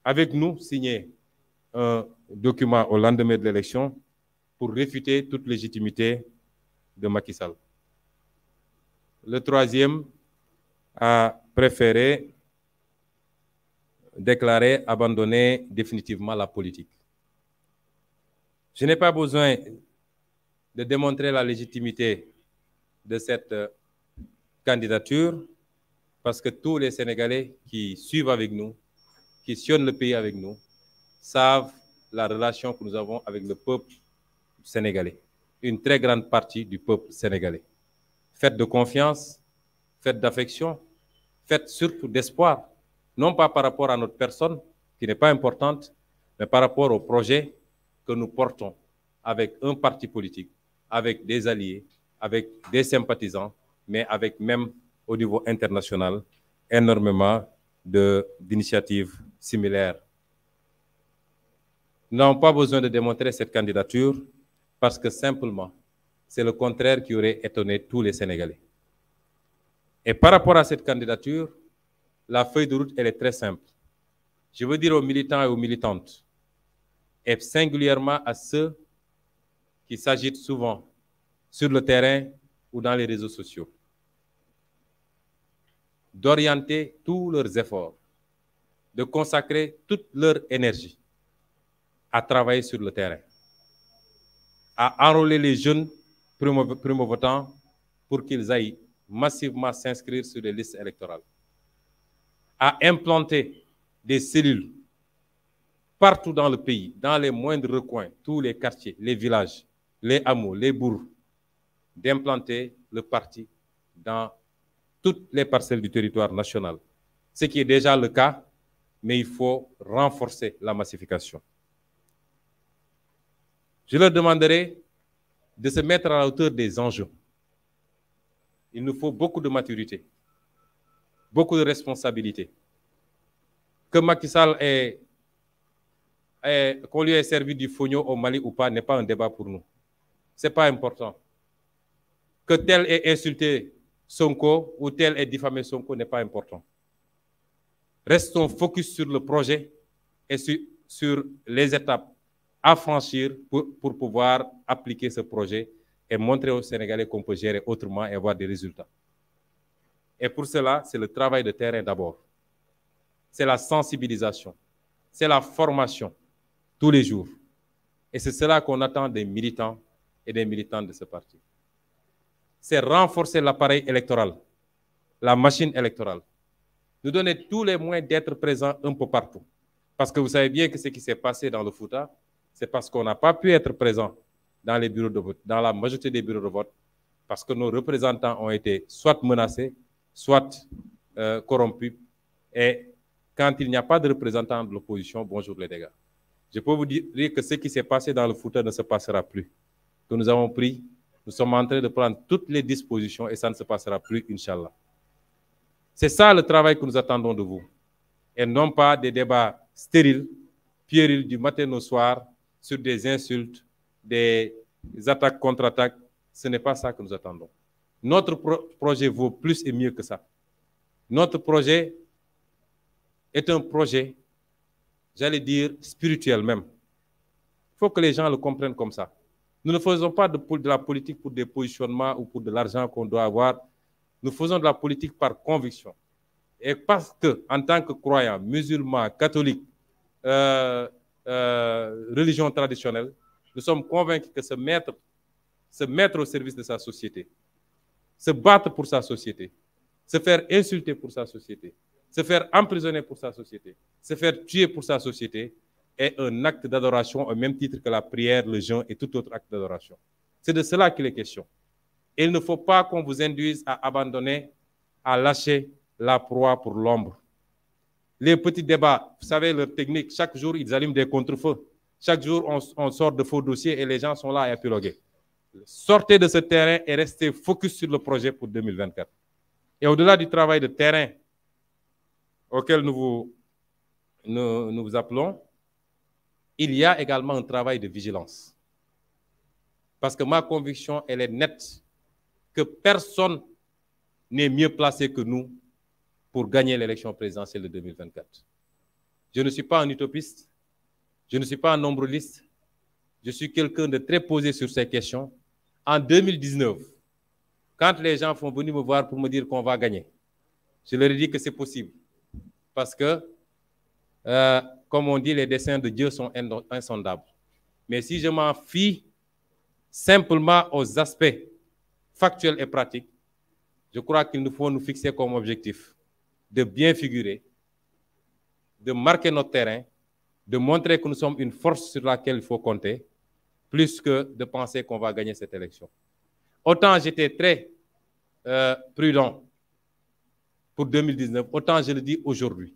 avec nous, signé un document au lendemain de l'élection pour réfuter toute légitimité de Macky Sall. Le troisième a préféré déclarer abandonner définitivement la politique. Je n'ai pas besoin de démontrer la légitimité de cette candidature parce que tous les Sénégalais qui suivent avec nous, qui sillonnent le pays avec nous, savent la relation que nous avons avec le peuple sénégalais, une très grande partie du peuple sénégalais. Faites de confiance, faites d'affection, faites surtout d'espoir, non pas par rapport à notre personne, qui n'est pas importante, mais par rapport au projet que nous portons avec un parti politique, avec des alliés, avec des sympathisants, mais avec même au niveau international énormément d'initiatives similaires. Nous n'avons pas besoin de démontrer cette candidature parce que simplement, c'est le contraire qui aurait étonné tous les Sénégalais. Et par rapport à cette candidature, la feuille de route, elle est très simple. Je veux dire aux militants et aux militantes, et singulièrement à ceux qui s'agitent souvent sur le terrain ou dans les réseaux sociaux d'orienter tous leurs efforts, de consacrer toute leur énergie à travailler sur le terrain, à enrôler les jeunes primo-votants pour qu'ils aillent massivement s'inscrire sur les listes électorales, à implanter des cellules partout dans le pays, dans les moindres recoins, tous les quartiers, les villages, les hameaux, les bourgs, d'implanter le parti dans toutes les parcelles du territoire national, ce qui est déjà le cas, mais il faut renforcer la massification. Je leur demanderai de se mettre à la hauteur des enjeux. Il nous faut beaucoup de maturité, beaucoup de responsabilité. Que Macky Sall ait, qu'on lui ait servi du fognon au Mali ou pas n'est pas un débat pour nous. Ce n'est pas important. Que tel ait insulté Sonko ou tel est diffamé Sonko n'est pas important. Restons focus sur le projet et sur, les étapes à franchir pour, pour pouvoir appliquer ce projet et montrer aux Sénégalais qu'on peut gérer autrement et avoir des résultats. Et pour cela, c'est le travail de terrain d'abord. C'est la sensibilisation. C'est la formation tous les jours. Et c'est cela qu'on attend des militants et des militants de ce parti c'est renforcer l'appareil électoral, la machine électorale. Nous donner tous les moyens d'être présents un peu partout. Parce que vous savez bien que ce qui s'est passé dans le Fouta, c'est parce qu'on n'a pas pu être présent dans les bureaux de vote, dans la majorité des bureaux de vote, parce que nos représentants ont été soit menacés, soit euh, corrompus. Et quand il n'y a pas de représentants de l'opposition, bonjour les dégâts. Je peux vous dire que ce qui s'est passé dans le Fouta ne se passera plus. Que nous avons pris nous sommes en train de prendre toutes les dispositions et ça ne se passera plus, Inch'Allah. C'est ça le travail que nous attendons de vous. Et non pas des débats stériles, puérils du matin au soir sur des insultes, des attaques contre-attaques. Ce n'est pas ça que nous attendons. Notre projet vaut plus et mieux que ça. Notre projet est un projet, j'allais dire, spirituel même. Il faut que les gens le comprennent comme ça. Nous ne faisons pas de, la politique pour des positionnements ou pour de l'argent qu'on doit avoir. Nous faisons de la politique par conviction. Et parce que, en tant que croyant, musulman, catholique, euh, euh, religion traditionnelle, nous sommes convaincus que se mettre, se mettre au service de sa société, se battre pour sa société, se faire insulter pour sa société, se faire emprisonner pour sa société, se faire tuer pour sa société, est un acte d'adoration au même titre que la prière, le jeûne et tout autre acte d'adoration. C'est de cela qu'il est question. Il ne faut pas qu'on vous induise à abandonner, à lâcher la proie pour l'ombre. Les petits débats, vous savez leur technique, chaque jour ils allument des contre-feux. Chaque jour on, sort de faux dossiers et les gens sont là à épiloguer. Sortez de ce terrain et restez focus sur le projet pour 2024. Et au-delà du travail de terrain auquel nous vous, nous vous appelons, il y a également un travail de vigilance. Parce que ma conviction, elle est nette, que personne n'est mieux placé que nous pour gagner l'élection présidentielle de 2024. Je ne suis pas un utopiste, je ne suis pas un nombriliste, je suis quelqu'un de très posé sur ces questions. En 2019, quand les gens sont venus me voir pour me dire qu'on va gagner, je leur ai dit que c'est possible. Parce que euh, comme on dit, les desseins de Dieu sont insondables. Mais si je m'en fie simplement aux aspects factuels et pratiques, je crois qu'il nous faut nous fixer comme objectif de bien figurer, de marquer notre terrain, de montrer que nous sommes une force sur laquelle il faut compter, plus que de penser qu'on va gagner cette élection. Autant j'étais très euh, prudent pour 2019, autant je le dis aujourd'hui.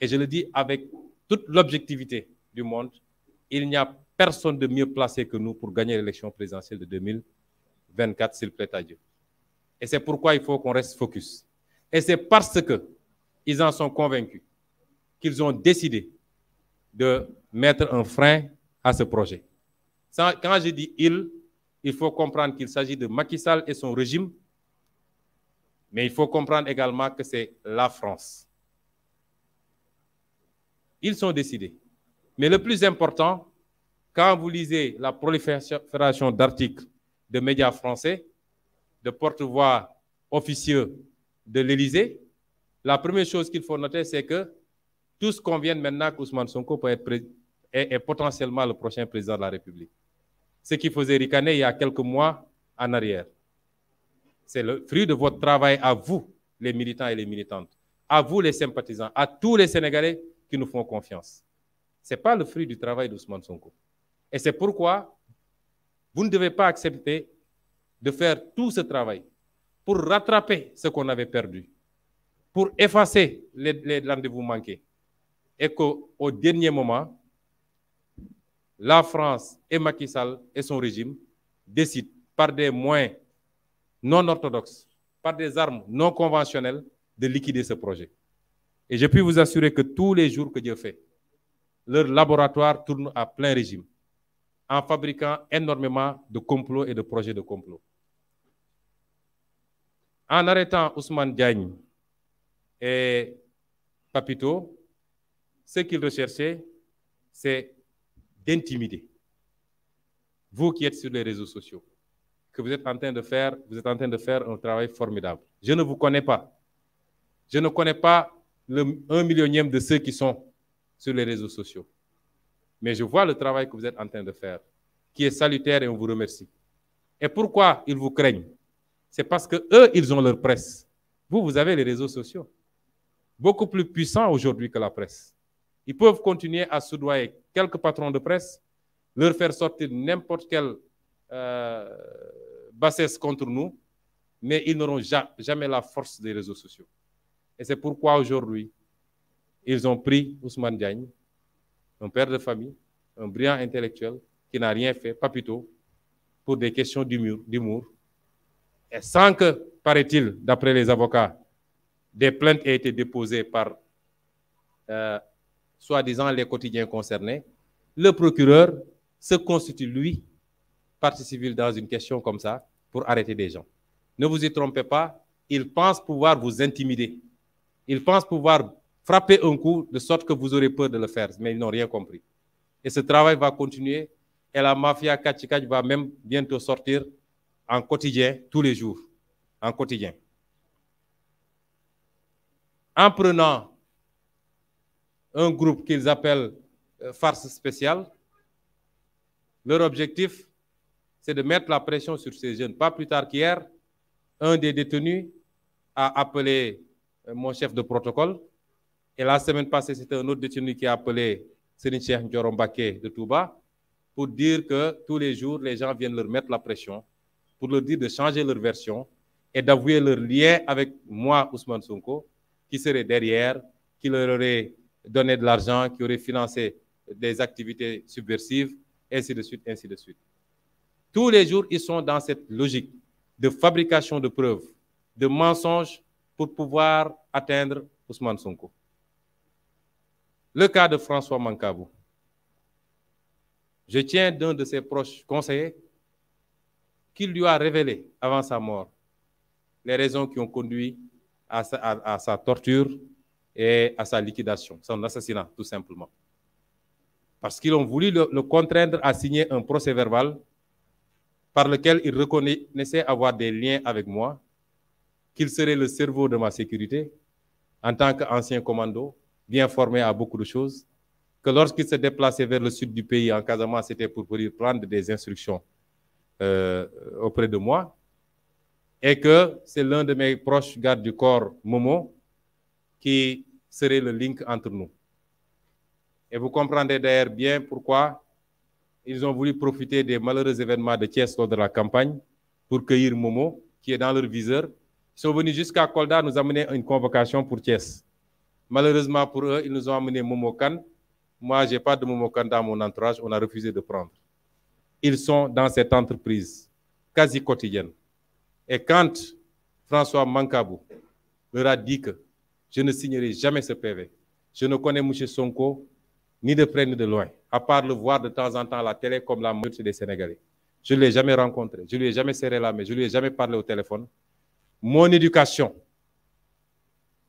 Et je le dis avec toute l'objectivité du monde, il n'y a personne de mieux placé que nous pour gagner l'élection présidentielle de 2024, s'il plaît à Dieu. Et c'est pourquoi il faut qu'on reste focus. Et c'est parce qu'ils en sont convaincus qu'ils ont décidé de mettre un frein à ce projet. Quand je dis il, il faut comprendre qu'il s'agit de Macky Sall et son régime, mais il faut comprendre également que c'est la France. Ils sont décidés. Mais le plus important, quand vous lisez la prolifération d'articles de médias français, de porte-voix officieux de l'Élysée, la première chose qu'il faut noter, c'est que tous conviennent maintenant qu'Ousmane Sonko peut être est, potentiellement le prochain président de la République. Ce qui faisait ricaner il y a quelques mois en arrière. C'est le fruit de votre travail à vous, les militants et les militantes, à vous, les sympathisants, à tous les Sénégalais qui nous font confiance. Ce n'est pas le fruit du travail d'Ousmane Sonko. Et c'est pourquoi vous ne devez pas accepter de faire tout ce travail pour rattraper ce qu'on avait perdu, pour effacer les, les rendez-vous manqués. Et qu'au dernier moment, la France et Macky Sall et son régime décident par des moyens non orthodoxes, par des armes non conventionnelles, de liquider ce projet. Et je puis vous assurer que tous les jours que Dieu fait, leur laboratoire tourne à plein régime en fabriquant énormément de complots et de projets de complots. En arrêtant Ousmane Diagne et Papito, ce qu'ils recherchaient, c'est d'intimider. Vous qui êtes sur les réseaux sociaux, que vous êtes en train de faire, vous êtes en train de faire un travail formidable. Je ne vous connais pas. Je ne connais pas un millionième de ceux qui sont sur les réseaux sociaux. Mais je vois le travail que vous êtes en train de faire, qui est salutaire et on vous remercie. Et pourquoi ils vous craignent C'est parce que eux, ils ont leur presse. Vous, vous avez les réseaux sociaux, beaucoup plus puissants aujourd'hui que la presse. Ils peuvent continuer à soudoyer quelques patrons de presse, leur faire sortir n'importe quelle euh, bassesse contre nous, mais ils n'auront jamais la force des réseaux sociaux. Et c'est pourquoi aujourd'hui, ils ont pris Ousmane Diagne, un père de famille, un brillant intellectuel qui n'a rien fait, pas plutôt, pour des questions d'humour. Et sans que, paraît-il, d'après les avocats, des plaintes aient été déposées par euh, soi-disant les quotidiens concernés, le procureur se constitue, lui, partie civile dans une question comme ça, pour arrêter des gens. Ne vous y trompez pas, il pense pouvoir vous intimider. Ils pensent pouvoir frapper un coup de sorte que vous aurez peur de le faire, mais ils n'ont rien compris. Et ce travail va continuer et la mafia Kachikach va même bientôt sortir en quotidien, tous les jours, en quotidien. En prenant un groupe qu'ils appellent euh, farce spéciale, leur objectif, c'est de mettre la pression sur ces jeunes. Pas plus tard qu'hier, un des détenus a appelé euh, mon chef de protocole. Et la semaine passée, c'était un autre détenu qui a appelé Sérin Cheikh Ndjorombake de Touba pour dire que tous les jours, les gens viennent leur mettre la pression pour leur dire de changer leur version et d'avouer leur lien avec moi, Ousmane Sonko, qui serait derrière, qui leur aurait donné de l'argent, qui aurait financé des activités subversives, ainsi de suite, ainsi de suite. Tous les jours, ils sont dans cette logique de fabrication de preuves, de mensonges pour pouvoir atteindre Ousmane Sonko. Le cas de François Mankabou. Je tiens d'un de ses proches conseillers qui lui a révélé avant sa mort les raisons qui ont conduit à sa, torture et à sa liquidation, son assassinat tout simplement. Parce qu'ils ont voulu le, le contraindre à signer un procès verbal par lequel il reconnaissait avoir des liens avec moi qu'il serait le cerveau de ma sécurité, en tant qu'ancien commando, bien formé à beaucoup de choses, que lorsqu'il se déplaçait vers le sud du pays en Casamance, c'était pour pouvoir prendre des instructions euh, auprès de moi, et que c'est l'un de mes proches gardes du corps, Momo, qui serait le link entre nous. Et vous comprendrez d'ailleurs bien pourquoi ils ont voulu profiter des malheureux événements de Thiès lors de la campagne pour cueillir Momo, qui est dans leur viseur, sont venus jusqu'à Kolda nous amener une convocation pour Thiès. Malheureusement pour eux, ils nous ont amené Momokan. Moi, je n'ai pas de Momokan dans mon entourage, on a refusé de prendre. Ils sont dans cette entreprise quasi quotidienne. Et quand François Mankabou leur a dit que je ne signerai jamais ce PV, je ne connais M. Sonko ni de près ni de loin, à part le voir de temps en temps à la télé comme la meute des Sénégalais. Je ne l'ai jamais rencontré, je ne lui ai jamais serré la main, je ne lui ai jamais parlé au téléphone mon éducation,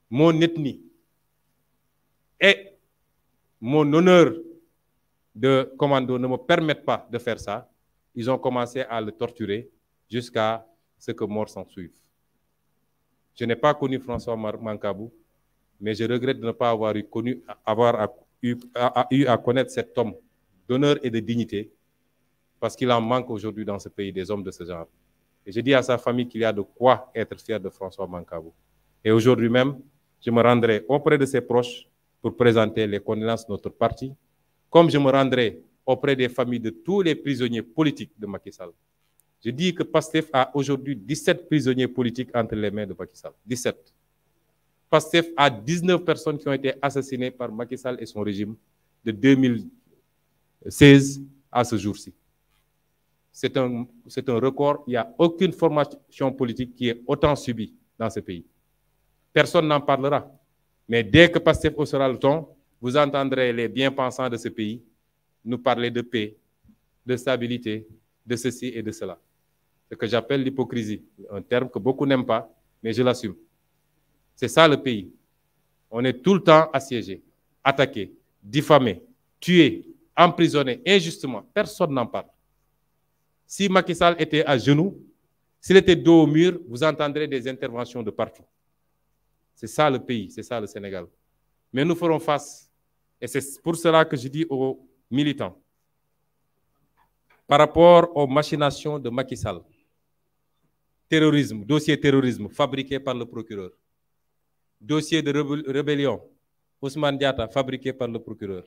mon ethnie et mon honneur de commando ne me permettent pas de faire ça, ils ont commencé à le torturer jusqu'à ce que mort s'en suive. Je n'ai pas connu François Mankabou, mais je regrette de ne pas avoir eu, eu à connaître cet homme d'honneur et de dignité, parce qu'il en manque aujourd'hui dans ce pays des hommes de ce genre. Et je dis à sa famille qu'il y a de quoi être fier de François Mankabou. Et aujourd'hui même, je me rendrai auprès de ses proches pour présenter les condoléances de notre parti, comme je me rendrai auprès des familles de tous les prisonniers politiques de Macky Sall. Je dis que PASTEF a aujourd'hui 17 prisonniers politiques entre les mains de Macky Sall. 17. PASTEF a 19 personnes qui ont été assassinées par Macky Sall et son régime de 2016 à ce jour-ci c'est un, record. Il n'y a aucune formation politique qui est autant subie dans ce pays. Personne n'en parlera. Mais dès que Pastef sera le temps, vous entendrez les bien-pensants de ce pays nous parler de paix, de stabilité, de ceci et de cela. Ce que j'appelle l'hypocrisie, un terme que beaucoup n'aiment pas, mais je l'assume. C'est ça le pays. On est tout le temps assiégé, attaqué, diffamé, tué, emprisonné injustement. Personne n'en parle. Si Macky Sall était à genoux, s'il était dos au mur, vous entendrez des interventions de partout. C'est ça le pays, c'est ça le Sénégal. Mais nous ferons face. Et c'est pour cela que je dis aux militants, par rapport aux machinations de Macky Sall, terrorisme, dossier terrorisme fabriqué par le procureur, dossier de rébellion, Ousmane Diata, fabriqué par le procureur,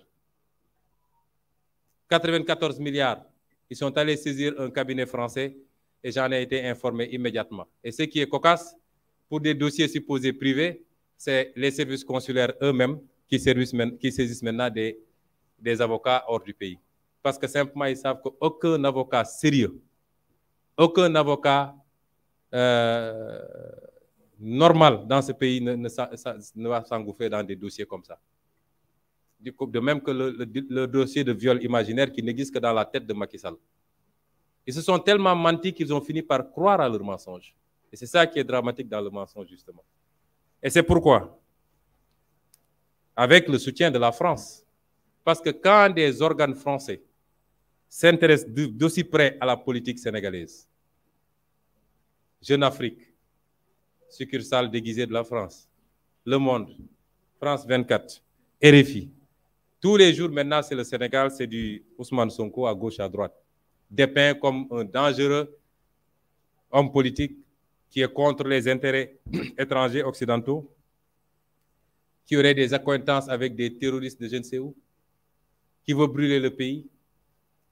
94 milliards ils sont allés saisir un cabinet français et j'en ai été informé immédiatement. Et ce qui est cocasse, pour des dossiers supposés privés, c'est les services consulaires eux-mêmes qui, saisissent maintenant des, avocats hors du pays. Parce que simplement, ils savent qu'aucun avocat sérieux, aucun avocat euh, normal dans ce pays ne, va s'engouffer dans des dossiers comme ça de même que le, dossier de viol imaginaire qui n'existe que dans la tête de Macky Sall. Ils se sont tellement mentis qu'ils ont fini par croire à leur mensonge. Et c'est ça qui est dramatique dans le mensonge, justement. Et c'est pourquoi, avec le soutien de la France, parce que quand des organes français s'intéressent d'aussi près à la politique sénégalaise, Jeune Afrique, succursale déguisée de la France, Le Monde, France 24, RFI, tous les jours maintenant, c'est le Sénégal, c'est du Ousmane Sonko à gauche, à droite, dépeint comme un dangereux homme politique qui est contre les intérêts étrangers occidentaux, qui aurait des acquaintances avec des terroristes de je ne sais où, qui veut brûler le pays.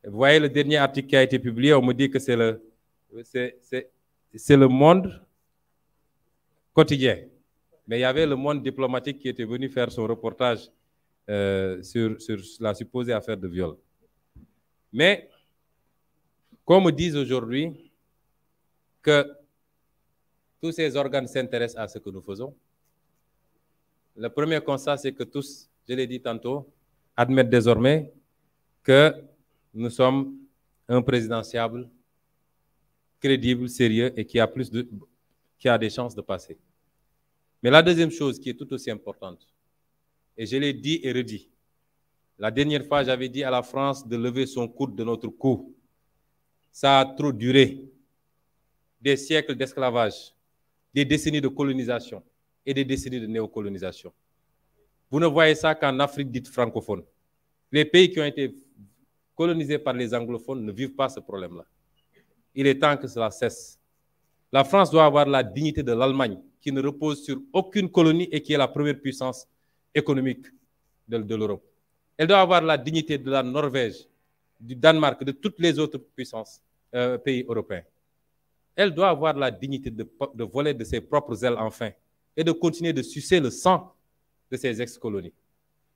Vous voyez le dernier article qui a été publié, on me dit que c'est le, c'est le monde quotidien. Mais il y avait le monde diplomatique qui était venu faire son reportage euh, sur, la supposée affaire de viol. Mais, comme disent aujourd'hui que tous ces organes s'intéressent à ce que nous faisons, le premier constat, c'est que tous, je l'ai dit tantôt, admettent désormais que nous sommes un présidentiable crédible, sérieux et qui a, plus de, qui a des chances de passer. Mais la deuxième chose qui est tout aussi importante, et je l'ai dit et redit. La dernière fois, j'avais dit à la France de lever son coude de notre cou. Ça a trop duré. Des siècles d'esclavage, des décennies de colonisation et des décennies de néocolonisation. Vous ne voyez ça qu'en Afrique dite francophone. Les pays qui ont été colonisés par les anglophones ne vivent pas ce problème-là. Il est temps que cela cesse. La France doit avoir la dignité de l'Allemagne, qui ne repose sur aucune colonie et qui est la première puissance économique de, l'Europe. Elle doit avoir la dignité de la Norvège, du Danemark, de toutes les autres puissances, euh, pays européens. Elle doit avoir la dignité de, de voler de ses propres ailes enfin et de continuer de sucer le sang de ses ex-colonies.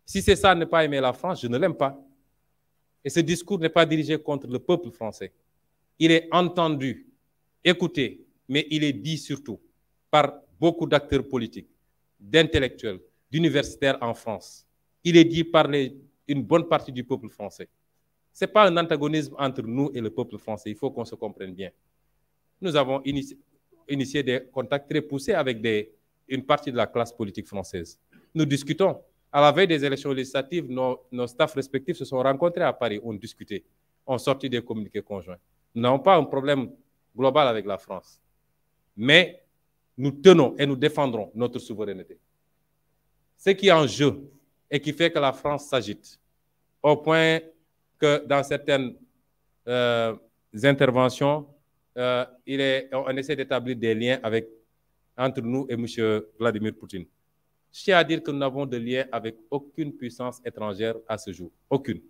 Si c'est ça, ne pas aimer la France, je ne l'aime pas. Et ce discours n'est pas dirigé contre le peuple français. Il est entendu, écouté, mais il est dit surtout par beaucoup d'acteurs politiques, d'intellectuels, d'universitaires en France. Il est dit par une bonne partie du peuple français. Ce n'est pas un antagonisme entre nous et le peuple français. Il faut qu'on se comprenne bien. Nous avons initié, des contacts très poussés avec une partie de la classe politique française. Nous discutons. À la veille des élections législatives, nos, staffs respectifs se sont rencontrés à Paris, ont discuté, ont sorti des communiqués conjoints. Nous n'avons pas un problème global avec la France. Mais nous tenons et nous défendrons notre souveraineté ce qui est en jeu et qui fait que la France s'agite, au point que dans certaines euh, interventions, euh, on essaie d'établir des liens entre nous et M. Vladimir Poutine. Je tiens à dire que nous n'avons de lien avec aucune puissance étrangère à ce jour. Aucune.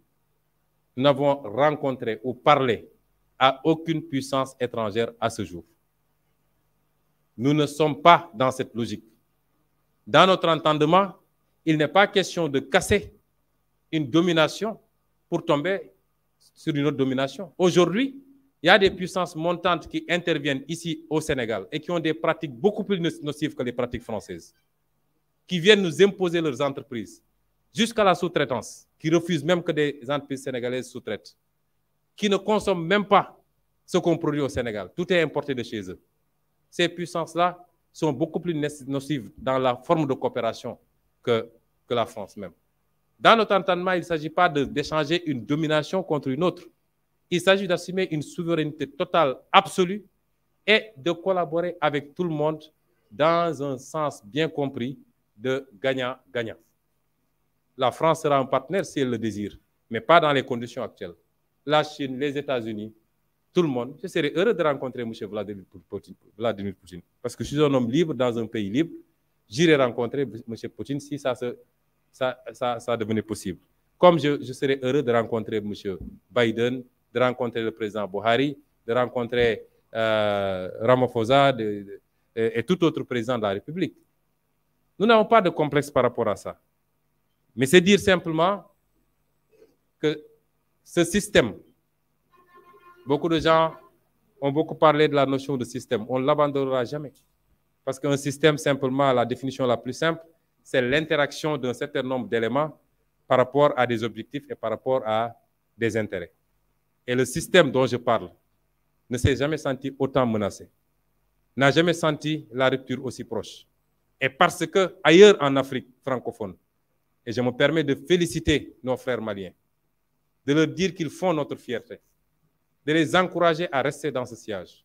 Nous n'avons rencontré ou parlé à aucune puissance étrangère à ce jour. Nous ne sommes pas dans cette logique. Dans notre entendement, il n'est pas question de casser une domination pour tomber sur une autre domination. Aujourd'hui, il y a des puissances montantes qui interviennent ici au Sénégal et qui ont des pratiques beaucoup plus nocives que les pratiques françaises, qui viennent nous imposer leurs entreprises, jusqu'à la sous-traitance, qui refusent même que des entreprises sénégalaises sous-traitent, qui ne consomment même pas ce qu'on produit au Sénégal. Tout est importé de chez eux. Ces puissances-là sont beaucoup plus nocives dans la forme de coopération que, la France même. Dans notre entendement, il ne s'agit pas d'échanger une domination contre une autre. Il s'agit d'assumer une souveraineté totale, absolue, et de collaborer avec tout le monde dans un sens bien compris de gagnant-gagnant. La France sera un partenaire si elle le désire, mais pas dans les conditions actuelles. La Chine, les États-Unis, tout le monde. Je serais heureux de rencontrer M. Vladimir Poutine, parce que je suis un homme libre dans un pays libre. J'irai rencontrer M. Poutine si ça, se, ça, ça, ça devenait possible. Comme je, serais heureux de rencontrer M. Biden, de rencontrer le président Buhari, de rencontrer euh, Ramaphosa et tout autre président de la République. Nous n'avons pas de complexe par rapport à ça. Mais c'est dire simplement que ce système Beaucoup de gens ont beaucoup parlé de la notion de système. On ne l'abandonnera jamais. Parce qu'un système, simplement, la définition la plus simple, c'est l'interaction d'un certain nombre d'éléments par rapport à des objectifs et par rapport à des intérêts. Et le système dont je parle ne s'est jamais senti autant menacé, n'a jamais senti la rupture aussi proche. Et parce que ailleurs en Afrique francophone, et je me permets de féliciter nos frères maliens, de leur dire qu'ils font notre fierté, de les encourager à rester dans ce siège,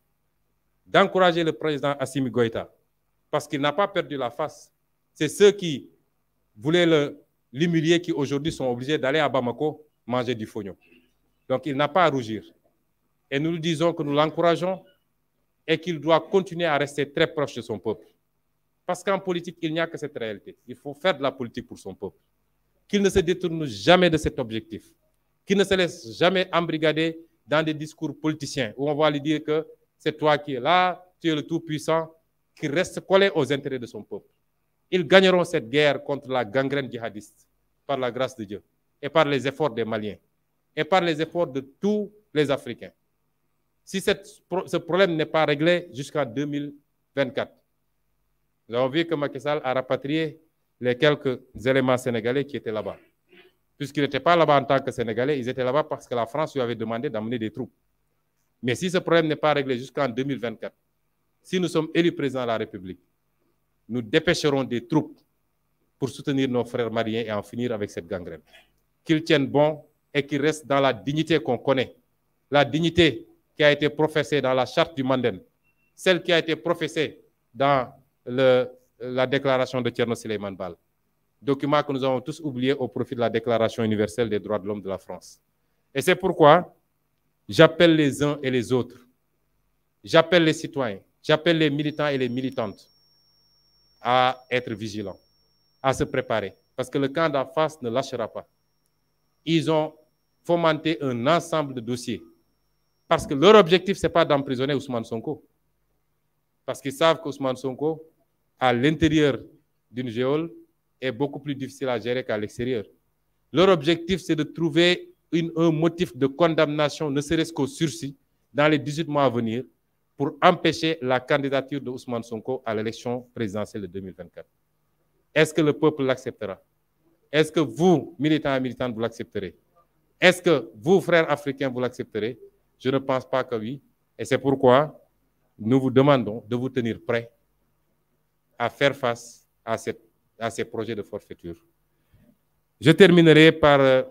d'encourager le président Assimi Goïta, parce qu'il n'a pas perdu la face. C'est ceux qui voulaient l'humilier qui aujourd'hui sont obligés d'aller à Bamako manger du fognon. Donc il n'a pas à rougir. Et nous lui disons que nous l'encourageons et qu'il doit continuer à rester très proche de son peuple. Parce qu'en politique, il n'y a que cette réalité. Il faut faire de la politique pour son peuple. Qu'il ne se détourne jamais de cet objectif. Qu'il ne se laisse jamais embrigader dans des discours politiciens où on va lui dire que c'est toi qui es là, tu es le Tout-Puissant, qui reste collé aux intérêts de son peuple. Ils gagneront cette guerre contre la gangrène djihadiste par la grâce de Dieu et par les efforts des Maliens et par les efforts de tous les Africains. Si ce problème n'est pas réglé jusqu'en 2024, nous avons vu que Macky Sall a rapatrié les quelques éléments sénégalais qui étaient là-bas puisqu'ils n'étaient pas là-bas en tant que Sénégalais, ils étaient là-bas parce que la France lui avait demandé d'amener des troupes. Mais si ce problème n'est pas réglé jusqu'en 2024, si nous sommes élus président de la République, nous dépêcherons des troupes pour soutenir nos frères mariens et en finir avec cette gangrène. Qu'ils tiennent bon et qu'ils restent dans la dignité qu'on connaît, la dignité qui a été professée dans la charte du Manden, celle qui a été professée dans le, la déclaration de Tcherno Suleiman Bal document que nous avons tous oublié au profit de la Déclaration universelle des droits de l'homme de la France. Et c'est pourquoi j'appelle les uns et les autres, j'appelle les citoyens, j'appelle les militants et les militantes à être vigilants, à se préparer, parce que le camp d'en face ne lâchera pas. Ils ont fomenté un ensemble de dossiers, parce que leur objectif, ce n'est pas d'emprisonner Ousmane Sonko, parce qu'ils savent qu'Ousmane Sonko, à l'intérieur d'une géole, est beaucoup plus difficile à gérer qu'à l'extérieur. Leur objectif, c'est de trouver une, un motif de condamnation, ne serait-ce qu'au sursis, dans les 18 mois à venir, pour empêcher la candidature de Ousmane Sonko à l'élection présidentielle de 2024. Est-ce que le peuple l'acceptera Est-ce que vous, militants et militantes, vous l'accepterez Est-ce que vous, frères africains, vous l'accepterez Je ne pense pas que oui. Et c'est pourquoi nous vous demandons de vous tenir prêts à faire face à cette à ces projets de forfaiture. Je terminerai par euh,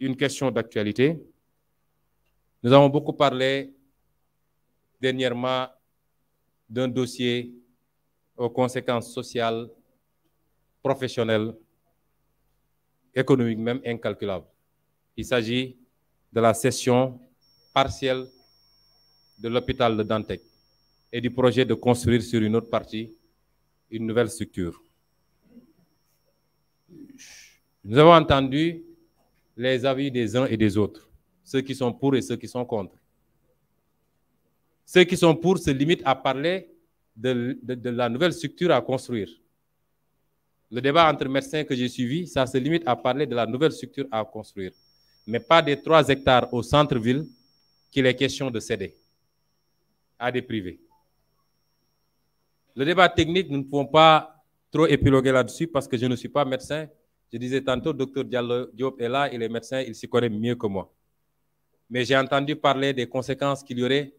une question d'actualité. Nous avons beaucoup parlé dernièrement d'un dossier aux conséquences sociales, professionnelles, économiques même incalculables. Il s'agit de la cession partielle de l'hôpital de Dantec et du projet de construire sur une autre partie une nouvelle structure. Nous avons entendu les avis des uns et des autres, ceux qui sont pour et ceux qui sont contre. Ceux qui sont pour se limitent à parler de, la nouvelle structure à construire. Le débat entre médecins que j'ai suivi, ça se limite à parler de la nouvelle structure à construire, mais pas des trois hectares au centre-ville qu'il est question de céder à des privés. Le débat technique, nous ne pouvons pas trop épiloguer là-dessus parce que je ne suis pas médecin, je disais tantôt, docteur Diallo Diop est là, et les médecins, il s'y connaissent mieux que moi. Mais j'ai entendu parler des conséquences qu'il y aurait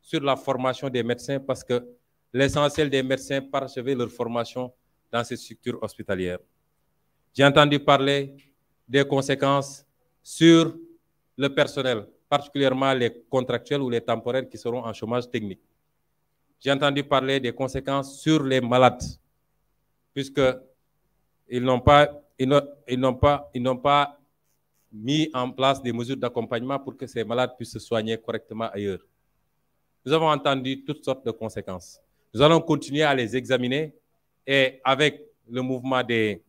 sur la formation des médecins parce que l'essentiel des médecins parachevait leur formation dans ces structures hospitalières. J'ai entendu parler des conséquences sur le personnel, particulièrement les contractuels ou les temporaires qui seront en chômage technique. J'ai entendu parler des conséquences sur les malades, puisque ils n'ont pas ils n'ont pas, mis en place des mesures d'accompagnement pour que ces malades puissent se soigner correctement ailleurs. Nous avons entendu toutes sortes de conséquences. Nous allons continuer à les examiner et avec le mouvement des,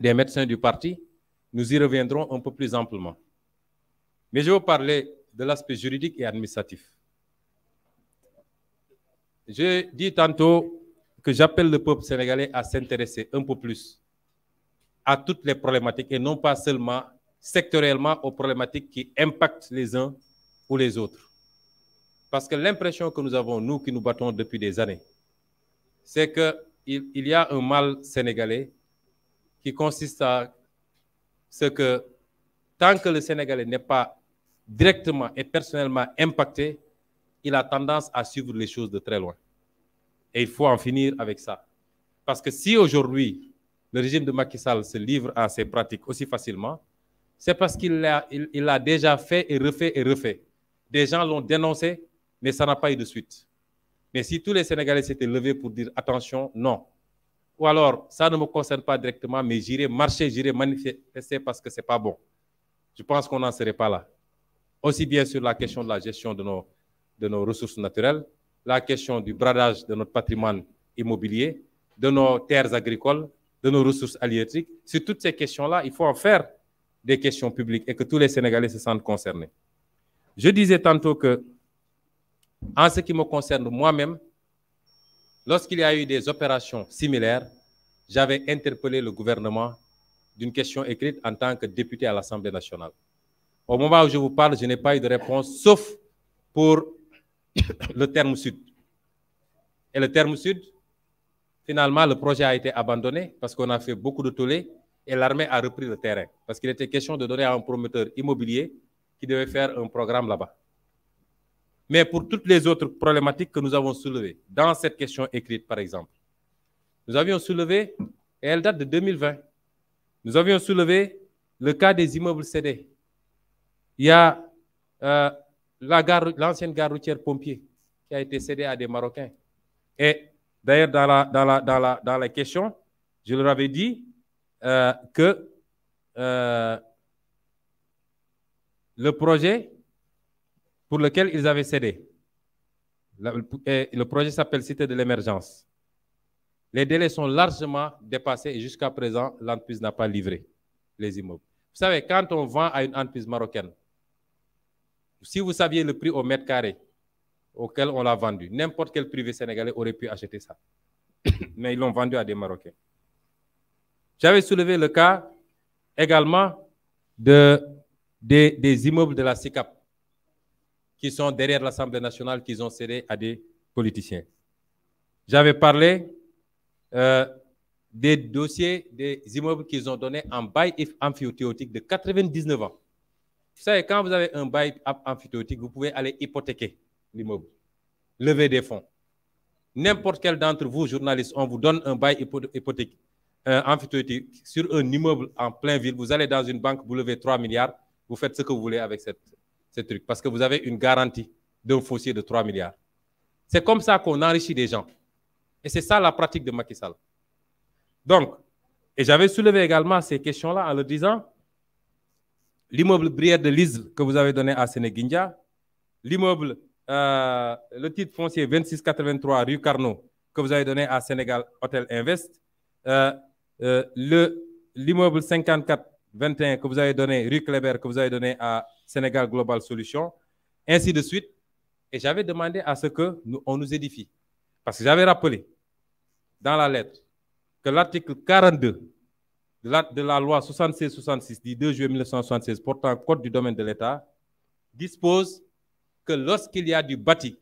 des médecins du parti, nous y reviendrons un peu plus amplement. Mais je vais vous parler de l'aspect juridique et administratif. Je dis tantôt que j'appelle le peuple sénégalais à s'intéresser un peu plus à toutes les problématiques et non pas seulement sectoriellement aux problématiques qui impactent les uns ou les autres. Parce que l'impression que nous avons, nous qui nous battons depuis des années, c'est qu'il il y a un mal sénégalais qui consiste à ce que tant que le Sénégalais n'est pas directement et personnellement impacté, il a tendance à suivre les choses de très loin. Et il faut en finir avec ça. Parce que si aujourd'hui, le régime de Macky Sall se livre à ces pratiques aussi facilement, c'est parce qu'il l'a déjà fait et refait et refait. Des gens l'ont dénoncé, mais ça n'a pas eu de suite. Mais si tous les Sénégalais s'étaient levés pour dire attention, non. Ou alors, ça ne me concerne pas directement, mais j'irai marcher, j'irai manifester parce que ce n'est pas bon. Je pense qu'on n'en serait pas là. Aussi bien sur la question de la gestion de nos, de nos ressources naturelles, la question du bradage de notre patrimoine immobilier, de nos terres agricoles, de nos ressources halieutiques. Sur toutes ces questions-là, il faut en faire des questions publiques et que tous les Sénégalais se sentent concernés. Je disais tantôt que, en ce qui me concerne moi-même, lorsqu'il y a eu des opérations similaires, j'avais interpellé le gouvernement d'une question écrite en tant que député à l'Assemblée nationale. Au moment où je vous parle, je n'ai pas eu de réponse, sauf pour le terme sud. Et le terme sud, Finalement, le projet a été abandonné parce qu'on a fait beaucoup de tollés et l'armée a repris le terrain parce qu'il était question de donner à un promoteur immobilier qui devait faire un programme là-bas. Mais pour toutes les autres problématiques que nous avons soulevées, dans cette question écrite par exemple, nous avions soulevé, et elle date de 2020, nous avions soulevé le cas des immeubles cédés. Il y a l'ancienne euh, la gare, gare routière pompier qui a été cédée à des Marocains. Et D'ailleurs, dans la, dans, la, question, je leur avais dit euh, que euh, le projet pour lequel ils avaient cédé, le projet s'appelle Cité de l'émergence. Les délais sont largement dépassés et jusqu'à présent, l'entreprise n'a pas livré les immeubles. Vous savez, quand on vend à une entreprise marocaine, si vous saviez le prix au mètre carré, auquel on l'a vendu. N'importe quel privé sénégalais aurait pu acheter ça. Mais ils l'ont vendu à des Marocains. J'avais soulevé le cas également de, des, immeubles de la CICAP qui sont derrière l'Assemblée nationale qu'ils ont cédé à des politiciens. J'avais parlé euh, des dossiers, des immeubles qu'ils ont donnés en bail amphithéotique de 99 ans. Vous savez, quand vous avez un bail amphithéotique, vous pouvez aller hypothéquer l'immeuble, lever des fonds. N'importe quel d'entre vous, journalistes, on vous donne un bail hypothétique, un euh, amphithéotique sur un immeuble en plein ville. Vous allez dans une banque, vous levez 3 milliards, vous faites ce que vous voulez avec cette, ce truc, parce que vous avez une garantie d'un fossier de 3 milliards. C'est comme ça qu'on enrichit des gens. Et c'est ça la pratique de Macky Sall. Donc, et j'avais soulevé également ces questions-là en le disant, l'immeuble Brière de l'Isle que vous avez donné à Sénéguindia, l'immeuble euh, le titre foncier 2683 rue Carnot que vous avez donné à Sénégal Hôtel Invest, euh, euh, le l'immeuble 5421 que vous avez donné rue Kleber que vous avez donné à Sénégal Global Solutions, ainsi de suite. Et j'avais demandé à ce que nous, on nous édifie. Parce que j'avais rappelé dans la lettre que l'article 42 de la, loi 66 66 du 2 juillet 1976 portant code du domaine de l'État dispose que lorsqu'il y a du bâti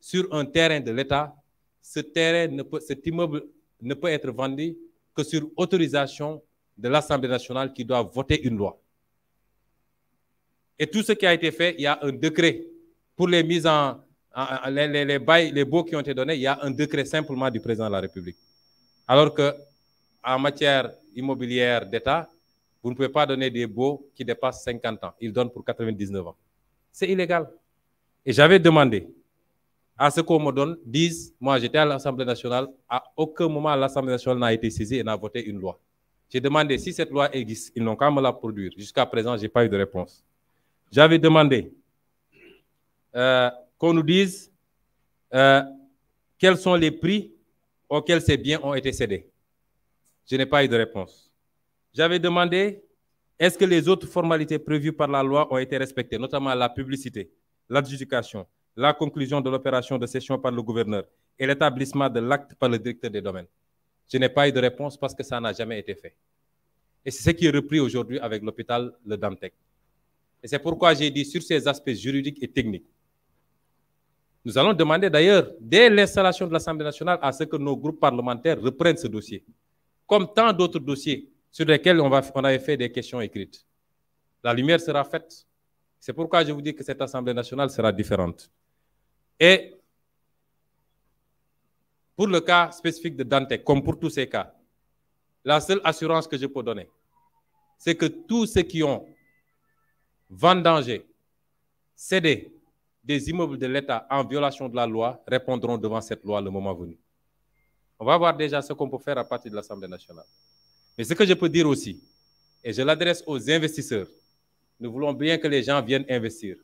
sur un terrain de l'État, ce terrain cet immeuble ne peut être vendu que sur autorisation de l'Assemblée nationale qui doit voter une loi. Et tout ce qui a été fait, il y a un décret. Pour les mises en, les, les baux qui ont été donnés, il y a un décret simplement du président de la République. Alors que en matière immobilière d'État, vous ne pouvez pas donner des baux qui dépassent 50 ans. Ils donnent pour 99 ans. C'est illégal. Et j'avais demandé à ce qu'on me donne disent Moi, j'étais à l'Assemblée nationale. À aucun moment, l'Assemblée nationale n'a été saisie et n'a voté une loi. J'ai demandé si cette loi existe. Ils n'ont qu'à me la produire. Jusqu'à présent, je n'ai pas eu de réponse. J'avais demandé euh, qu'on nous dise euh, quels sont les prix auxquels ces biens ont été cédés. Je n'ai pas eu de réponse. J'avais demandé est-ce que les autres formalités prévues par la loi ont été respectées, notamment la publicité l'adjudication, la conclusion de l'opération de session par le gouverneur et l'établissement de l'acte par le directeur des domaines. Je n'ai pas eu de réponse parce que ça n'a jamais été fait. Et c'est ce qui est repris aujourd'hui avec l'hôpital Le Damtec. Et c'est pourquoi j'ai dit sur ces aspects juridiques et techniques. Nous allons demander d'ailleurs, dès l'installation de l'Assemblée nationale, à ce que nos groupes parlementaires reprennent ce dossier, comme tant d'autres dossiers sur lesquels on, va, on avait fait des questions écrites. La lumière sera faite c'est pourquoi je vous dis que cette Assemblée nationale sera différente. Et pour le cas spécifique de Dante, comme pour tous ces cas, la seule assurance que je peux donner, c'est que tous ceux qui ont vendangé, cédé des immeubles de l'État en violation de la loi répondront devant cette loi le moment venu. On va voir déjà ce qu'on peut faire à partir de l'Assemblée nationale. Mais ce que je peux dire aussi, et je l'adresse aux investisseurs, nous voulons bien que les gens viennent investir.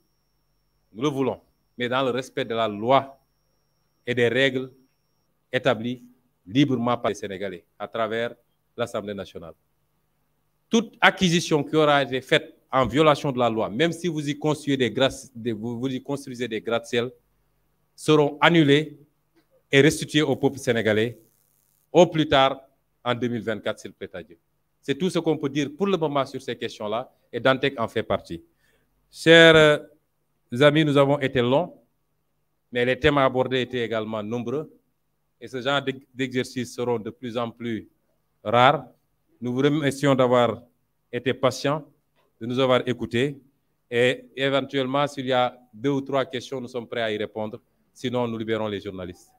Nous le voulons, mais dans le respect de la loi et des règles établies librement par les Sénégalais à travers l'Assemblée nationale. Toute acquisition qui aura été faite en violation de la loi, même si vous y construisez des, vous, y des gratte-ciel, seront annulées et restituées au peuple sénégalais au plus tard en 2024, s'il plaît à Dieu. C'est tout ce qu'on peut dire pour le moment sur ces questions-là, et Dantec en fait partie. Chers euh, amis, nous avons été longs, mais les thèmes abordés étaient également nombreux, et ce genre d'exercice seront de plus en plus rares. Nous vous remercions d'avoir été patients, de nous avoir écoutés, et éventuellement, s'il y a deux ou trois questions, nous sommes prêts à y répondre. Sinon, nous libérons les journalistes.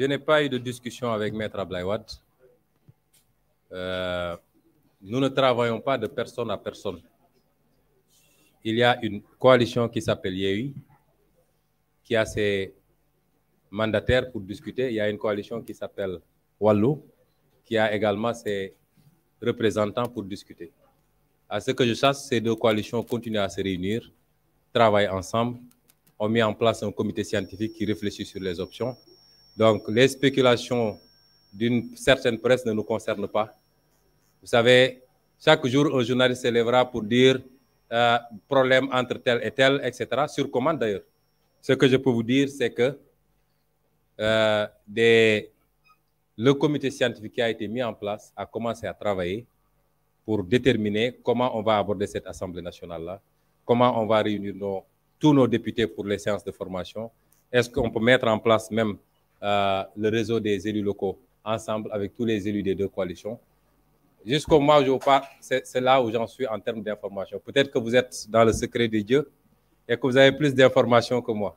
je n'ai pas eu de discussion avec Maître Ablaïwad. Euh, nous ne travaillons pas de personne à personne. Il y a une coalition qui s'appelle Yehui, qui a ses mandataires pour discuter. Il y a une coalition qui s'appelle Wallo, qui a également ses représentants pour discuter. À ce que je sache, ces deux coalitions continuent à se réunir, travaillent ensemble, ont mis en place un comité scientifique qui réfléchit sur les options donc, les spéculations d'une certaine presse ne nous concernent pas. Vous savez, chaque jour, un journaliste s'élèvera pour dire euh, problème entre tel et tel, etc., sur commande d'ailleurs. Ce que je peux vous dire, c'est que euh, le comité scientifique qui a été mis en place a commencé à travailler pour déterminer comment on va aborder cette Assemblée nationale-là, comment on va réunir tous nos députés pour les séances de formation. Est-ce qu'on peut mettre en place même euh, le réseau des élus locaux, ensemble avec tous les élus des deux coalitions. Jusqu'au mois où je c'est là où j'en suis en termes d'information. Peut-être que vous êtes dans le secret de Dieu et que vous avez plus d'informations que moi.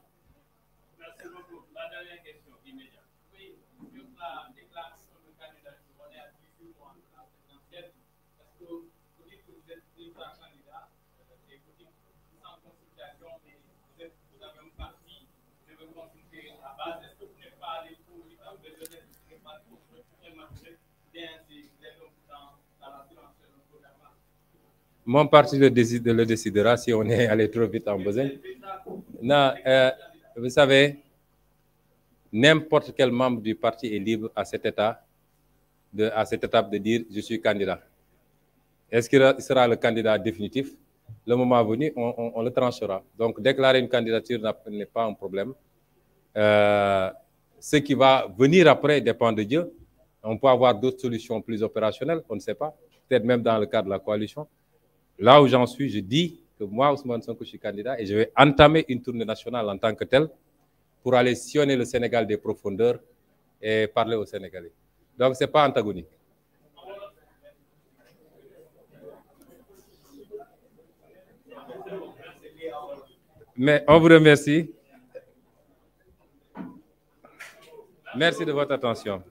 Mon parti le, le décidera si on est allé trop vite en besoin Non, euh, vous savez, n'importe quel membre du parti est libre à cet état, de, à cette étape de dire je suis candidat. Est-ce qu'il sera le candidat définitif Le moment venu, on, on, le tranchera. Donc, déclarer une candidature n'est pas un problème. Euh, ce qui va venir après dépend de Dieu. On peut avoir d'autres solutions plus opérationnelles, on ne sait pas, peut-être même dans le cadre de la coalition. Là où j'en suis, je dis que moi, Ousmane Sonko, je suis candidat et je vais entamer une tournée nationale en tant que telle pour aller sillonner le Sénégal des profondeurs et parler aux Sénégalais. Donc, ce n'est pas antagonique. Mais on vous remercie. Merci de votre attention.